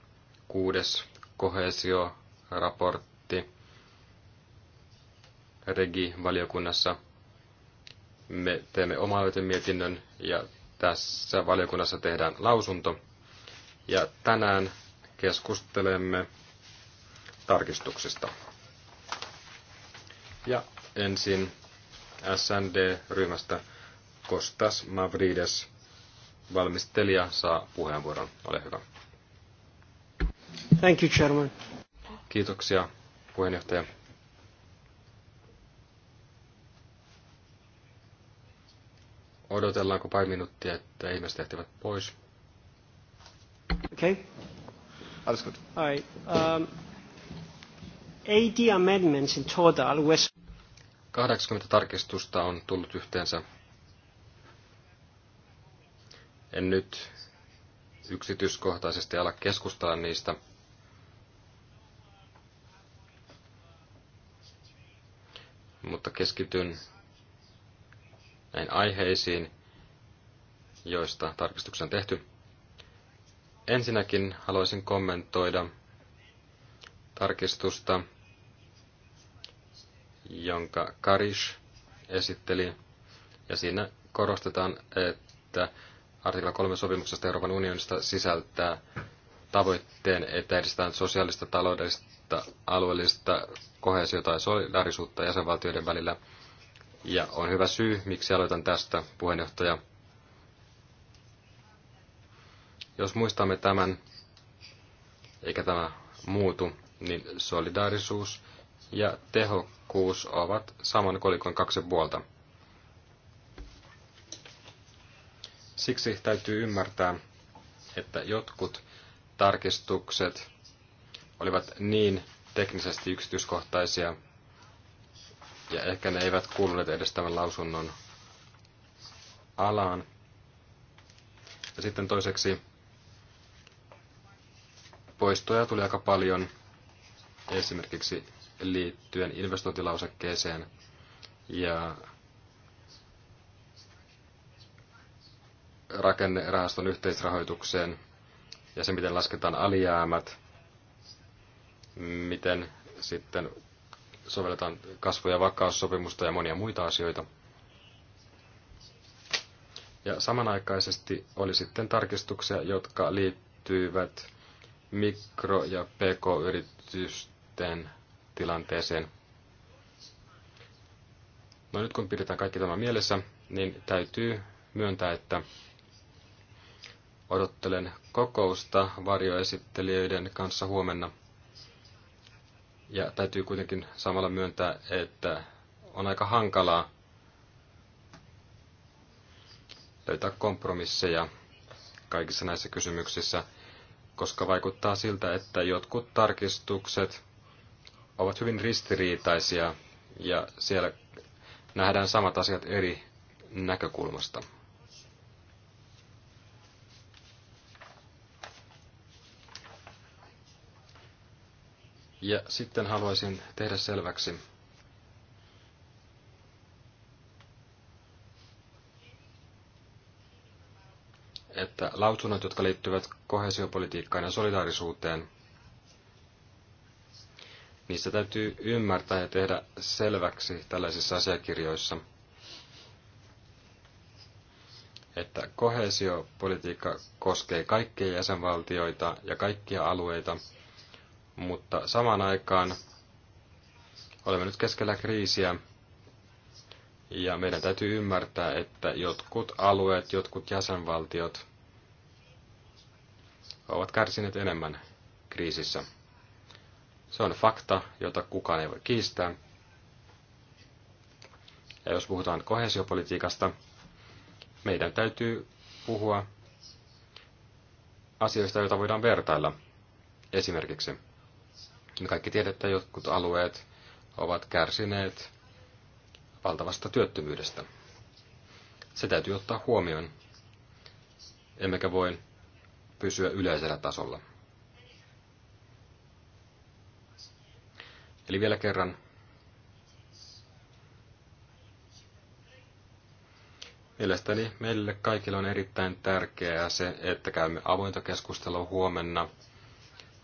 kuudes kohesioraportti Regi-valiokunnassa. Me teemme oma mietinnön ja tässä valiokunnassa tehdään lausunto. Ja tänään keskustelemme tarkistuksista. Ja ensin SND-ryhmästä Kostas Mavrides. Valmistelija saa puheenvuoron. Ole hyvä. Thank you, Chairman. Kiitoksia, puheenjohtaja. Odotellaanko pari minuuttia, että ihmiset ehtivät pois? Okay. Alles gut. Hi. um, 80 amendments in total. Was... 80 tarkistusta on tullut yhteensä. En nyt yksityiskohtaisesti ala keskustella niistä. Mutta keskityn näin aiheisiin, joista tarkistuksen on tehty. Ensinnäkin haluaisin kommentoida tarkistusta, jonka Karish esitteli, ja siinä korostetaan, että artikla 3 sopimuksesta Euroopan unionista sisältää tavoitteen, että edistetään sosiaalista, taloudellista, alueellista kohesiota ja solidaarisuutta jäsenvaltioiden välillä. Ja on hyvä syy, miksi aloitan tästä, puheenjohtaja, jos muistamme tämän, eikä tämä muutu, niin solidaarisuus ja tehokkuus ovat saman kolikon kaksi puolta. Siksi täytyy ymmärtää, että jotkut tarkistukset olivat niin teknisesti yksityiskohtaisia, ja ehkä ne eivät kuuluneet edes tämän lausunnon alaan. Ja sitten toiseksi poistoja tuli aika paljon esimerkiksi liittyen investointilausekkeeseen ja rakennerahaston yhteisrahoitukseen ja se, miten lasketaan alijäämät, miten sitten sovelletaan kasvu- ja vakaussopimusta ja monia muita asioita. Ja samanaikaisesti oli sitten tarkistuksia, jotka liittyivät mikro- ja pk-yritysten tilanteeseen. No nyt kun pidetään kaikki tämä mielessä, niin täytyy myöntää, että odottelen kokousta varjoesittelijöiden kanssa huomenna. Ja täytyy kuitenkin samalla myöntää, että on aika hankalaa löytää kompromisseja kaikissa näissä kysymyksissä, koska vaikuttaa siltä, että jotkut tarkistukset ovat hyvin ristiriitaisia ja siellä nähdään samat asiat eri näkökulmasta. Ja sitten haluaisin tehdä selväksi, että lausunnot, jotka liittyvät kohesiopolitiikkaan ja solidaarisuuteen, niistä täytyy ymmärtää ja tehdä selväksi tällaisissa asiakirjoissa, että kohesiopolitiikka koskee kaikkia jäsenvaltioita ja kaikkia alueita, mutta samaan aikaan olemme nyt keskellä kriisiä, ja meidän täytyy ymmärtää, että jotkut alueet, jotkut jäsenvaltiot ovat kärsineet enemmän kriisissä. Se on fakta, jota kukaan ei voi kiistää. Ja jos puhutaan kohesiopolitiikasta, meidän täytyy puhua asioista, joita voidaan vertailla. Esimerkiksi me niin kaikki tiedämme, että jotkut alueet ovat kärsineet valtavasta työttömyydestä. Se täytyy ottaa huomioon. Emmekä voi pysyä yleisellä tasolla. Eli vielä kerran. Mielestäni meille kaikille on erittäin tärkeää se, että käymme avointa keskustelua huomenna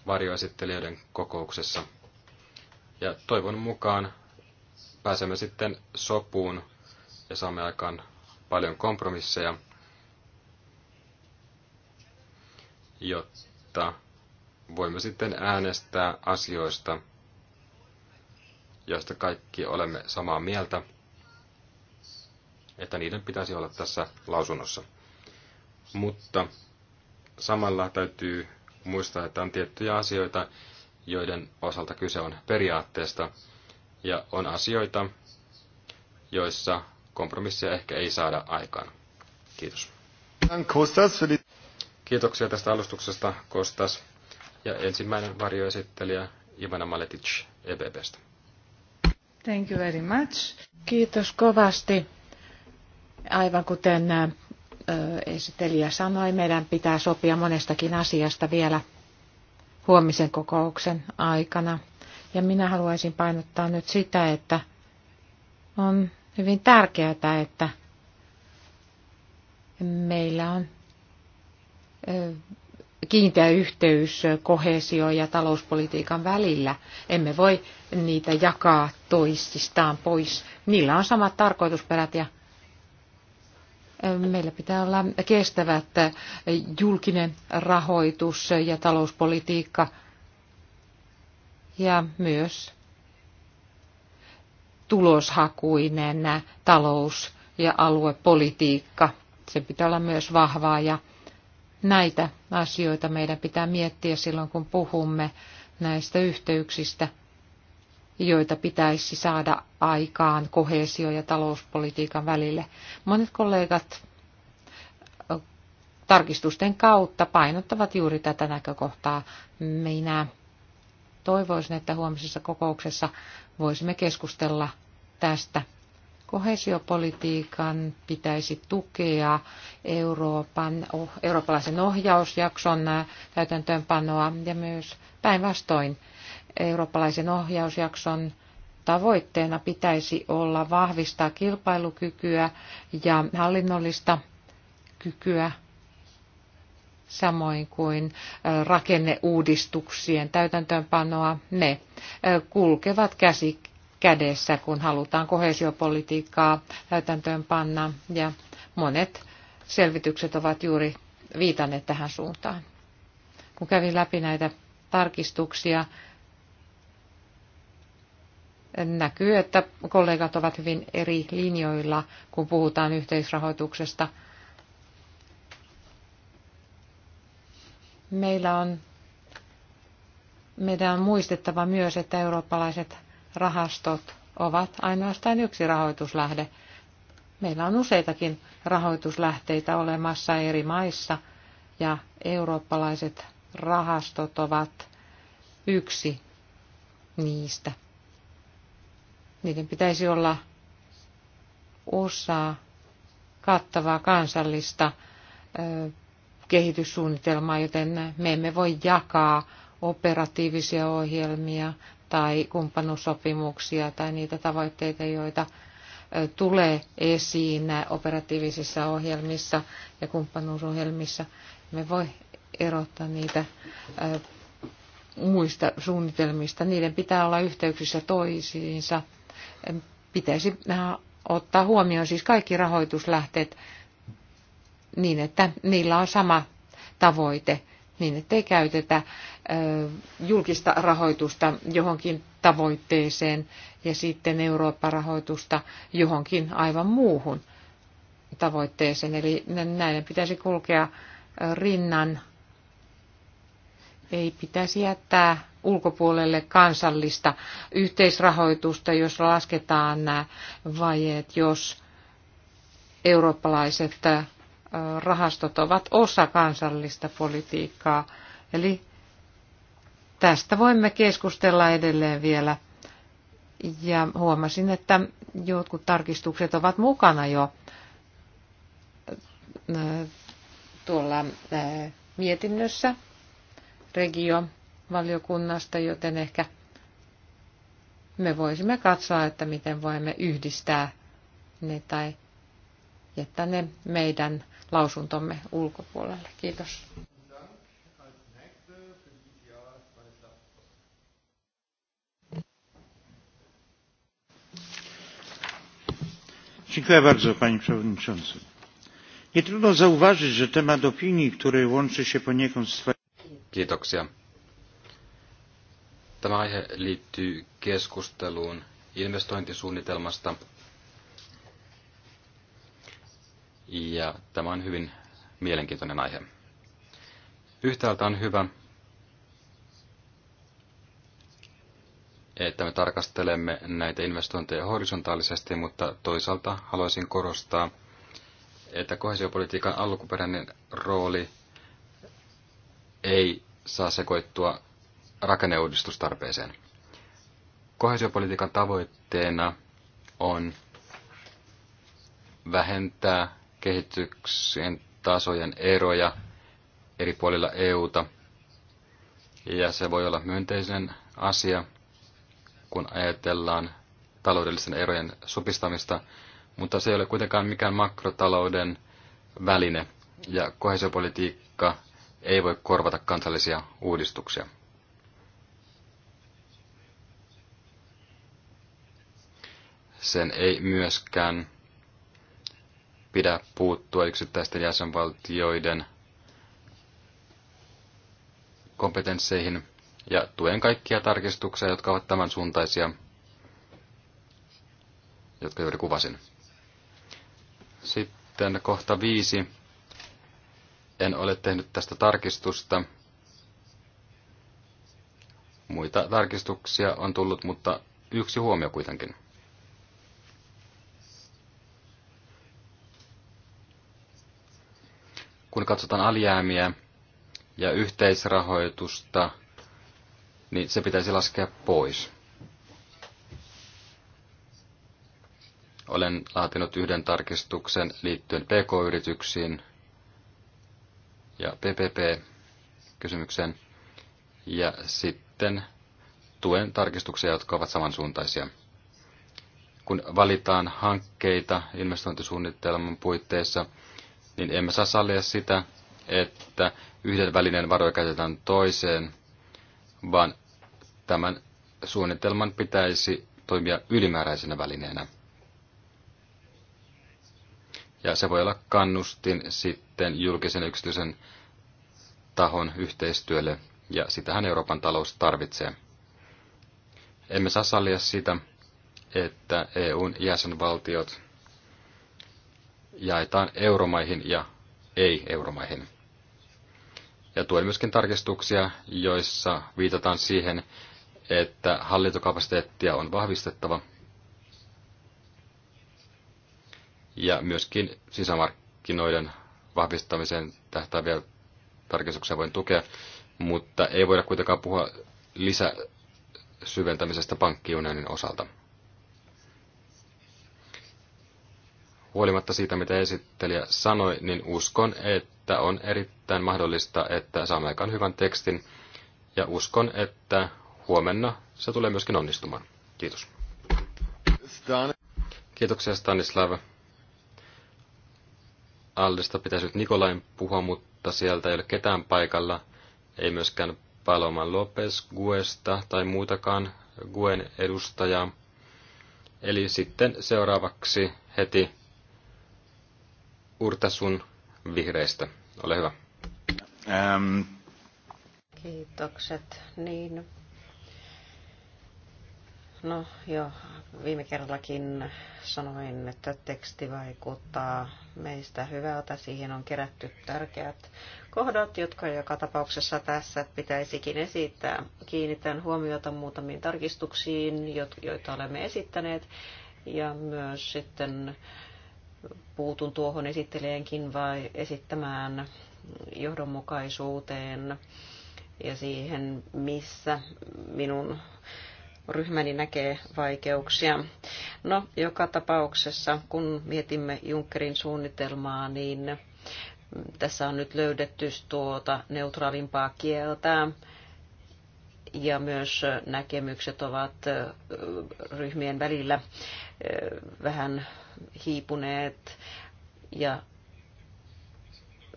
varjoesittelijöiden kokouksessa. Ja toivon mukaan pääsemme sitten sopuun ja saamme aikaan paljon kompromisseja. jotta voimme sitten äänestää asioista, joista kaikki olemme samaa mieltä, että niiden pitäisi olla tässä lausunnossa. Mutta samalla täytyy muistaa, että on tiettyjä asioita, joiden osalta kyse on periaatteesta, ja on asioita, joissa kompromissia ehkä ei saada aikaan. Kiitos. Kiitoksia tästä alustuksesta, Kostas. Ja ensimmäinen varjoesittelijä Ivana Maletic EBBstä. Thank you very much. Kiitos kovasti. Aivan kuten esittelijä sanoi, meidän pitää sopia monestakin asiasta vielä huomisen kokouksen aikana. Ja minä haluaisin painottaa nyt sitä, että on hyvin tärkeää, että meillä on kiinteä yhteys kohesio- ja talouspolitiikan välillä. Emme voi niitä jakaa toisistaan pois. Niillä on samat tarkoitusperät ja meillä pitää olla kestävät julkinen rahoitus ja talouspolitiikka ja myös tuloshakuinen talous- ja aluepolitiikka. Se pitää olla myös vahvaa ja Näitä asioita meidän pitää miettiä silloin, kun puhumme näistä yhteyksistä, joita pitäisi saada aikaan kohesio- ja talouspolitiikan välille. Monet kollegat tarkistusten kautta painottavat juuri tätä näkökohtaa. Minä toivoisin, että huomisessa kokouksessa voisimme keskustella tästä Kohesiopolitiikan pitäisi tukea Euroopan, oh, eurooppalaisen ohjausjakson äh, täytäntöönpanoa ja myös päinvastoin eurooppalaisen ohjausjakson tavoitteena pitäisi olla vahvistaa kilpailukykyä ja hallinnollista kykyä samoin kuin äh, rakenneuudistuksien täytäntöönpanoa. Ne äh, kulkevat käsi kädessä, kun halutaan kohesiopolitiikkaa täytäntöön panna. Ja monet selvitykset ovat juuri viitanneet tähän suuntaan. Kun kävin läpi näitä tarkistuksia, näkyy, että kollegat ovat hyvin eri linjoilla, kun puhutaan yhteisrahoituksesta. Meillä on, meidän on muistettava myös, että eurooppalaiset rahastot ovat ainoastaan yksi rahoituslähde. Meillä on useitakin rahoituslähteitä olemassa eri maissa ja eurooppalaiset rahastot ovat yksi niistä. Niiden pitäisi olla osaa kattavaa kansallista kehityssuunnitelmaa, joten me emme voi jakaa operatiivisia ohjelmia tai kumppanuussopimuksia tai niitä tavoitteita, joita tulee esiin operatiivisissa ohjelmissa ja kumppanuusohjelmissa. Me voi erottaa niitä muista suunnitelmista. Niiden pitää olla yhteyksissä toisiinsa. Pitäisi ottaa huomioon siis kaikki rahoituslähteet niin, että niillä on sama tavoite niin ettei käytetä julkista rahoitusta johonkin tavoitteeseen ja sitten Eurooppa-rahoitusta johonkin aivan muuhun tavoitteeseen. Eli näiden pitäisi kulkea rinnan. Ei pitäisi jättää ulkopuolelle kansallista yhteisrahoitusta, jos lasketaan nämä vajeet, jos eurooppalaiset rahastot ovat osa kansallista politiikkaa. Eli tästä voimme keskustella edelleen vielä. Ja huomasin, että jotkut tarkistukset ovat mukana jo äh, tuolla äh, mietinnössä regiovaliokunnasta, joten ehkä me voisimme katsoa, että miten voimme yhdistää ne tai jättää ne meidän lausuntomme ulkopuolelle. Kiitos. Dziękuję bardzo, panie przewodniczący. Nie trudno zauważyć, że temat opinii, który łączy się poniekąd z... Kiitoksia. Tämä aihe liittyy keskusteluun investointisuunnitelmasta, ja tämä on hyvin mielenkiintoinen aihe. Yhtäältä on hyvä, että me tarkastelemme näitä investointeja horisontaalisesti, mutta toisaalta haluaisin korostaa, että kohesiopolitiikan alkuperäinen rooli ei saa sekoittua rakenneuudistustarpeeseen. Kohesiopolitiikan tavoitteena on vähentää kehityksen tasojen eroja eri puolilla EUta. Ja se voi olla myönteisen asia, kun ajatellaan taloudellisten erojen supistamista, mutta se ei ole kuitenkaan mikään makrotalouden väline, ja kohesiopolitiikka ei voi korvata kansallisia uudistuksia. Sen ei myöskään pidä puuttua yksittäisten jäsenvaltioiden kompetensseihin ja tuen kaikkia tarkistuksia, jotka ovat tämän suuntaisia, jotka juuri kuvasin. Sitten kohta viisi. En ole tehnyt tästä tarkistusta. Muita tarkistuksia on tullut, mutta yksi huomio kuitenkin. kun katsotaan alijäämiä ja yhteisrahoitusta, niin se pitäisi laskea pois. Olen laatinut yhden tarkistuksen liittyen pk-yrityksiin ja PPP-kysymykseen. Ja sitten tuen tarkistuksia, jotka ovat samansuuntaisia. Kun valitaan hankkeita investointisuunnitelman puitteissa, niin emme saa sallia sitä, että yhden välineen varoja käytetään toiseen, vaan tämän suunnitelman pitäisi toimia ylimääräisenä välineenä. Ja se voi olla kannustin sitten julkisen yksityisen tahon yhteistyölle, ja sitähän Euroopan talous tarvitsee. Emme saa sallia sitä, että EUn jäsenvaltiot jaetaan euromaihin ja ei-euromaihin. Ja tuen myöskin tarkistuksia, joissa viitataan siihen, että hallintokapasiteettia on vahvistettava ja myöskin sisämarkkinoiden vahvistamiseen tähtäviä tarkistuksia voin tukea, mutta ei voida kuitenkaan puhua lisäsyventämisestä pankkiunionin osalta. Huolimatta siitä, mitä esittelijä sanoi, niin uskon, että on erittäin mahdollista, että saamme aikaan hyvän tekstin, ja uskon, että huomenna se tulee myöskin onnistumaan. Kiitos. Kiitoksia Stanislav. Allista pitäisi nyt Nikolain puhua, mutta sieltä ei ole ketään paikalla. Ei myöskään Paloma Lopes Guesta tai muutakaan Guen edustajaa. Eli sitten seuraavaksi heti Urtasun vihreistä. Ole hyvä. Ähm. Kiitokset. Niin. No joo, viime kerrallakin sanoin, että teksti vaikuttaa meistä hyvältä. Siihen on kerätty tärkeät kohdat, jotka joka tapauksessa tässä pitäisikin esittää. Kiinnitän huomiota muutamiin tarkistuksiin, joita olemme esittäneet, ja myös sitten puutun tuohon esittelijänkin vai esittämään johdonmukaisuuteen ja siihen, missä minun ryhmäni näkee vaikeuksia. No, joka tapauksessa, kun mietimme Junckerin suunnitelmaa, niin tässä on nyt löydetty tuota neutraalimpaa kieltä ja myös näkemykset ovat ryhmien välillä vähän hiipuneet ja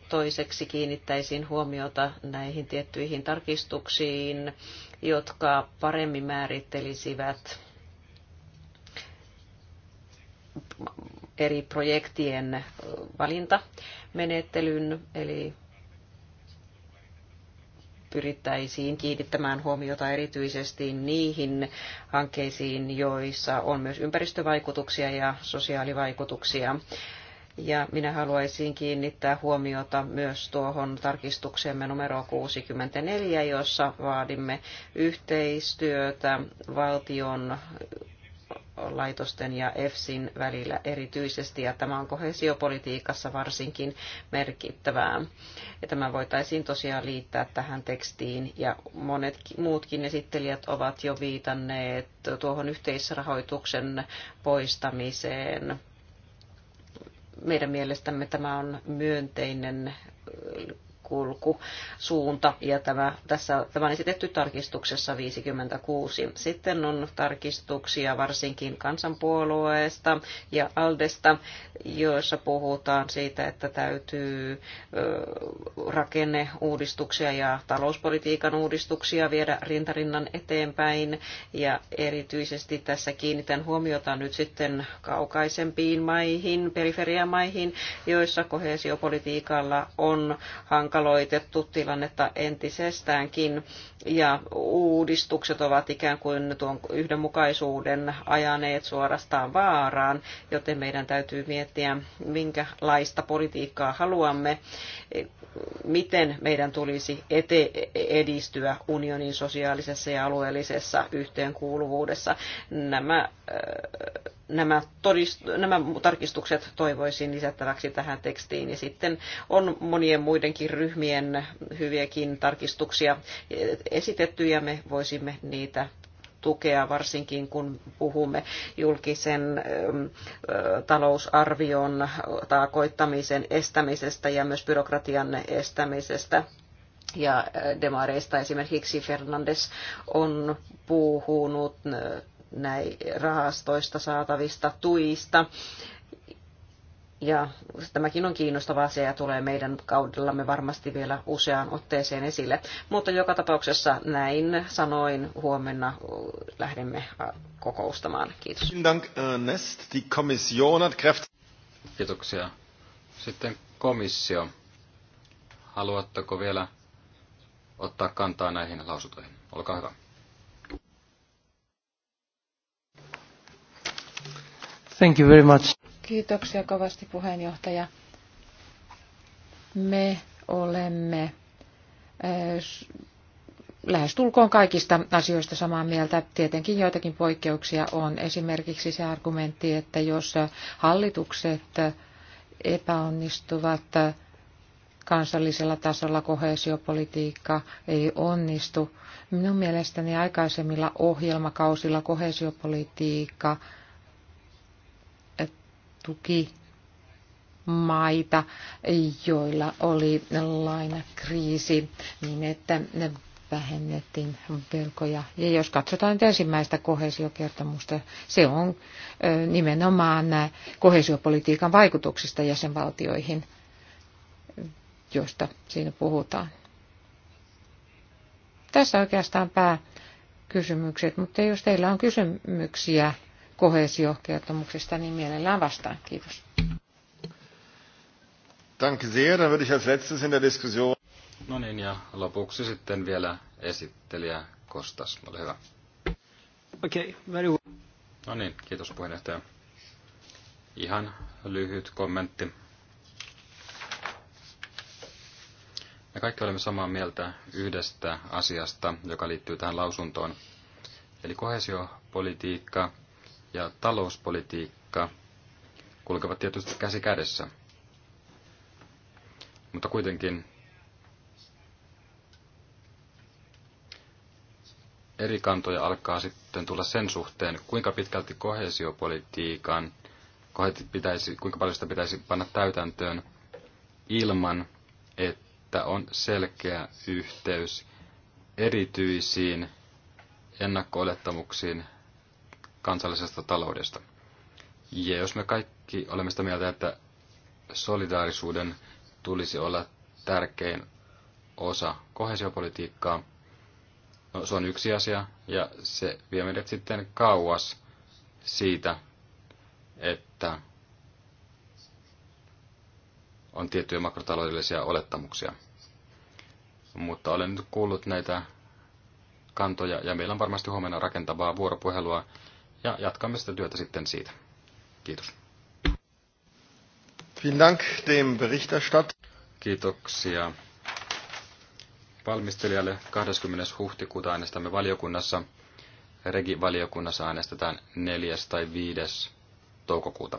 toiseksi kiinnittäisin huomiota näihin tiettyihin tarkistuksiin, jotka paremmin määrittelisivät eri projektien valintamenettelyn, eli pyrittäisiin kiinnittämään huomiota erityisesti niihin hankkeisiin, joissa on myös ympäristövaikutuksia ja sosiaalivaikutuksia. Ja minä haluaisin kiinnittää huomiota myös tuohon tarkistukseemme numero 64, jossa vaadimme yhteistyötä valtion laitosten ja EFSin välillä erityisesti, ja tämä on kohesiopolitiikassa varsinkin merkittävää. Ja tämä voitaisiin tosiaan liittää tähän tekstiin, ja monet muutkin esittelijät ovat jo viitanneet tuohon yhteisrahoituksen poistamiseen. Meidän mielestämme tämä on myönteinen kulku suunta ja tämä, tässä, tämä on esitetty tarkistuksessa 56. Sitten on tarkistuksia varsinkin kansanpuolueesta ja Aldesta, joissa puhutaan siitä, että täytyy rakenneuudistuksia ja talouspolitiikan uudistuksia viedä rintarinnan eteenpäin, ja erityisesti tässä kiinnitän huomiota nyt sitten kaukaisempiin maihin, periferiamaihin, joissa kohesiopolitiikalla on hankalaa hankaloitettu tilannetta entisestäänkin ja uudistukset ovat ikään kuin tuon yhdenmukaisuuden ajaneet suorastaan vaaraan, joten meidän täytyy miettiä, minkälaista politiikkaa haluamme, miten meidän tulisi ete- edistyä unionin sosiaalisessa ja alueellisessa yhteenkuuluvuudessa. Nämä äh, nämä, todist- nämä tarkistukset toivoisin lisättäväksi tähän tekstiin. Ja sitten on monien muidenkin ryhmien hyviäkin tarkistuksia esitetty ja me voisimme niitä tukea, varsinkin kun puhumme julkisen ähm, äh, talousarvion taakoittamisen estämisestä ja myös byrokratian estämisestä ja äh, demareista esimerkiksi Fernandes on puhunut äh, näin rahastoista saatavista tuista. Ja tämäkin on kiinnostava asia ja tulee meidän kaudellamme varmasti vielä useaan otteeseen esille. Mutta joka tapauksessa näin sanoin huomenna lähdemme äh, kokoustamaan. Kiitos. Kiitoksia. Sitten komissio. Haluatteko vielä ottaa kantaa näihin lausuntoihin? Olkaa hyvä. Thank you very much. Kiitoksia kovasti puheenjohtaja. Me olemme lähestulkoon kaikista asioista samaa mieltä. Tietenkin joitakin poikkeuksia on. Esimerkiksi se argumentti, että jos hallitukset epäonnistuvat kansallisella tasolla kohesiopolitiikka ei onnistu. Minun mielestäni aikaisemmilla ohjelmakausilla kohesiopolitiikka tukimaita, joilla oli lainakriisi, niin että ne vähennettiin velkoja. Ja jos katsotaan nyt ensimmäistä kohesiokertomusta, se on nimenomaan kohesiopolitiikan vaikutuksista jäsenvaltioihin, josta siinä puhutaan. Tässä oikeastaan pääkysymykset, mutta jos teillä on kysymyksiä kohesiokertomuksesta, niin mielellään vastaan. Kiitos. Danke sehr. Dann würde ich als letztes in der Diskussion... No niin, ja lopuksi sitten vielä esittelijä Kostas. Ole hyvä. Okei, okay, very well. No niin, kiitos puheenjohtaja. Ihan lyhyt kommentti. Me kaikki olemme samaa mieltä yhdestä asiasta, joka liittyy tähän lausuntoon. Eli kohesiopolitiikka ja talouspolitiikka kulkevat tietysti käsi kädessä. Mutta kuitenkin eri kantoja alkaa sitten tulla sen suhteen, kuinka pitkälti kohesiopolitiikan pitäisi, kuinka paljon sitä pitäisi panna täytäntöön ilman, että on selkeä yhteys erityisiin ennakko-olettamuksiin kansallisesta taloudesta. Ja jos me kaikki olemme sitä mieltä, että solidaarisuuden tulisi olla tärkein osa kohesiopolitiikkaa, no, se on yksi asia, ja se vie meidät sitten kauas siitä, että on tiettyjä makrotaloudellisia olettamuksia. Mutta olen nyt kuullut näitä kantoja, ja meillä on varmasti huomenna rakentavaa vuoropuhelua ja jatkamme sitä työtä sitten siitä. Kiitos. Vielen Dank dem Berichterstatter. Kiitoksia valmistelijalle. 20. huhtikuuta äänestämme valiokunnassa. Regivaliokunnassa äänestetään 4. tai 5. toukokuuta.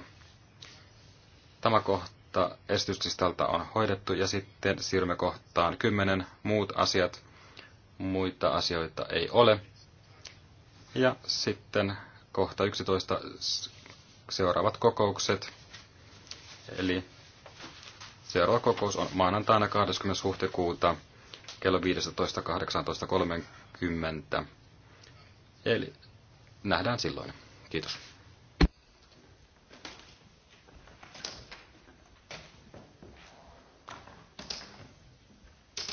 Tämä kohta esityslistalta on hoidettu ja sitten siirrymme kohtaan 10. Muut asiat. Muita asioita ei ole. Ja sitten kohta 11 seuraavat kokoukset. Eli seuraava kokous on maanantaina 20. huhtikuuta kello 15.18.30. Eli nähdään silloin. Kiitos.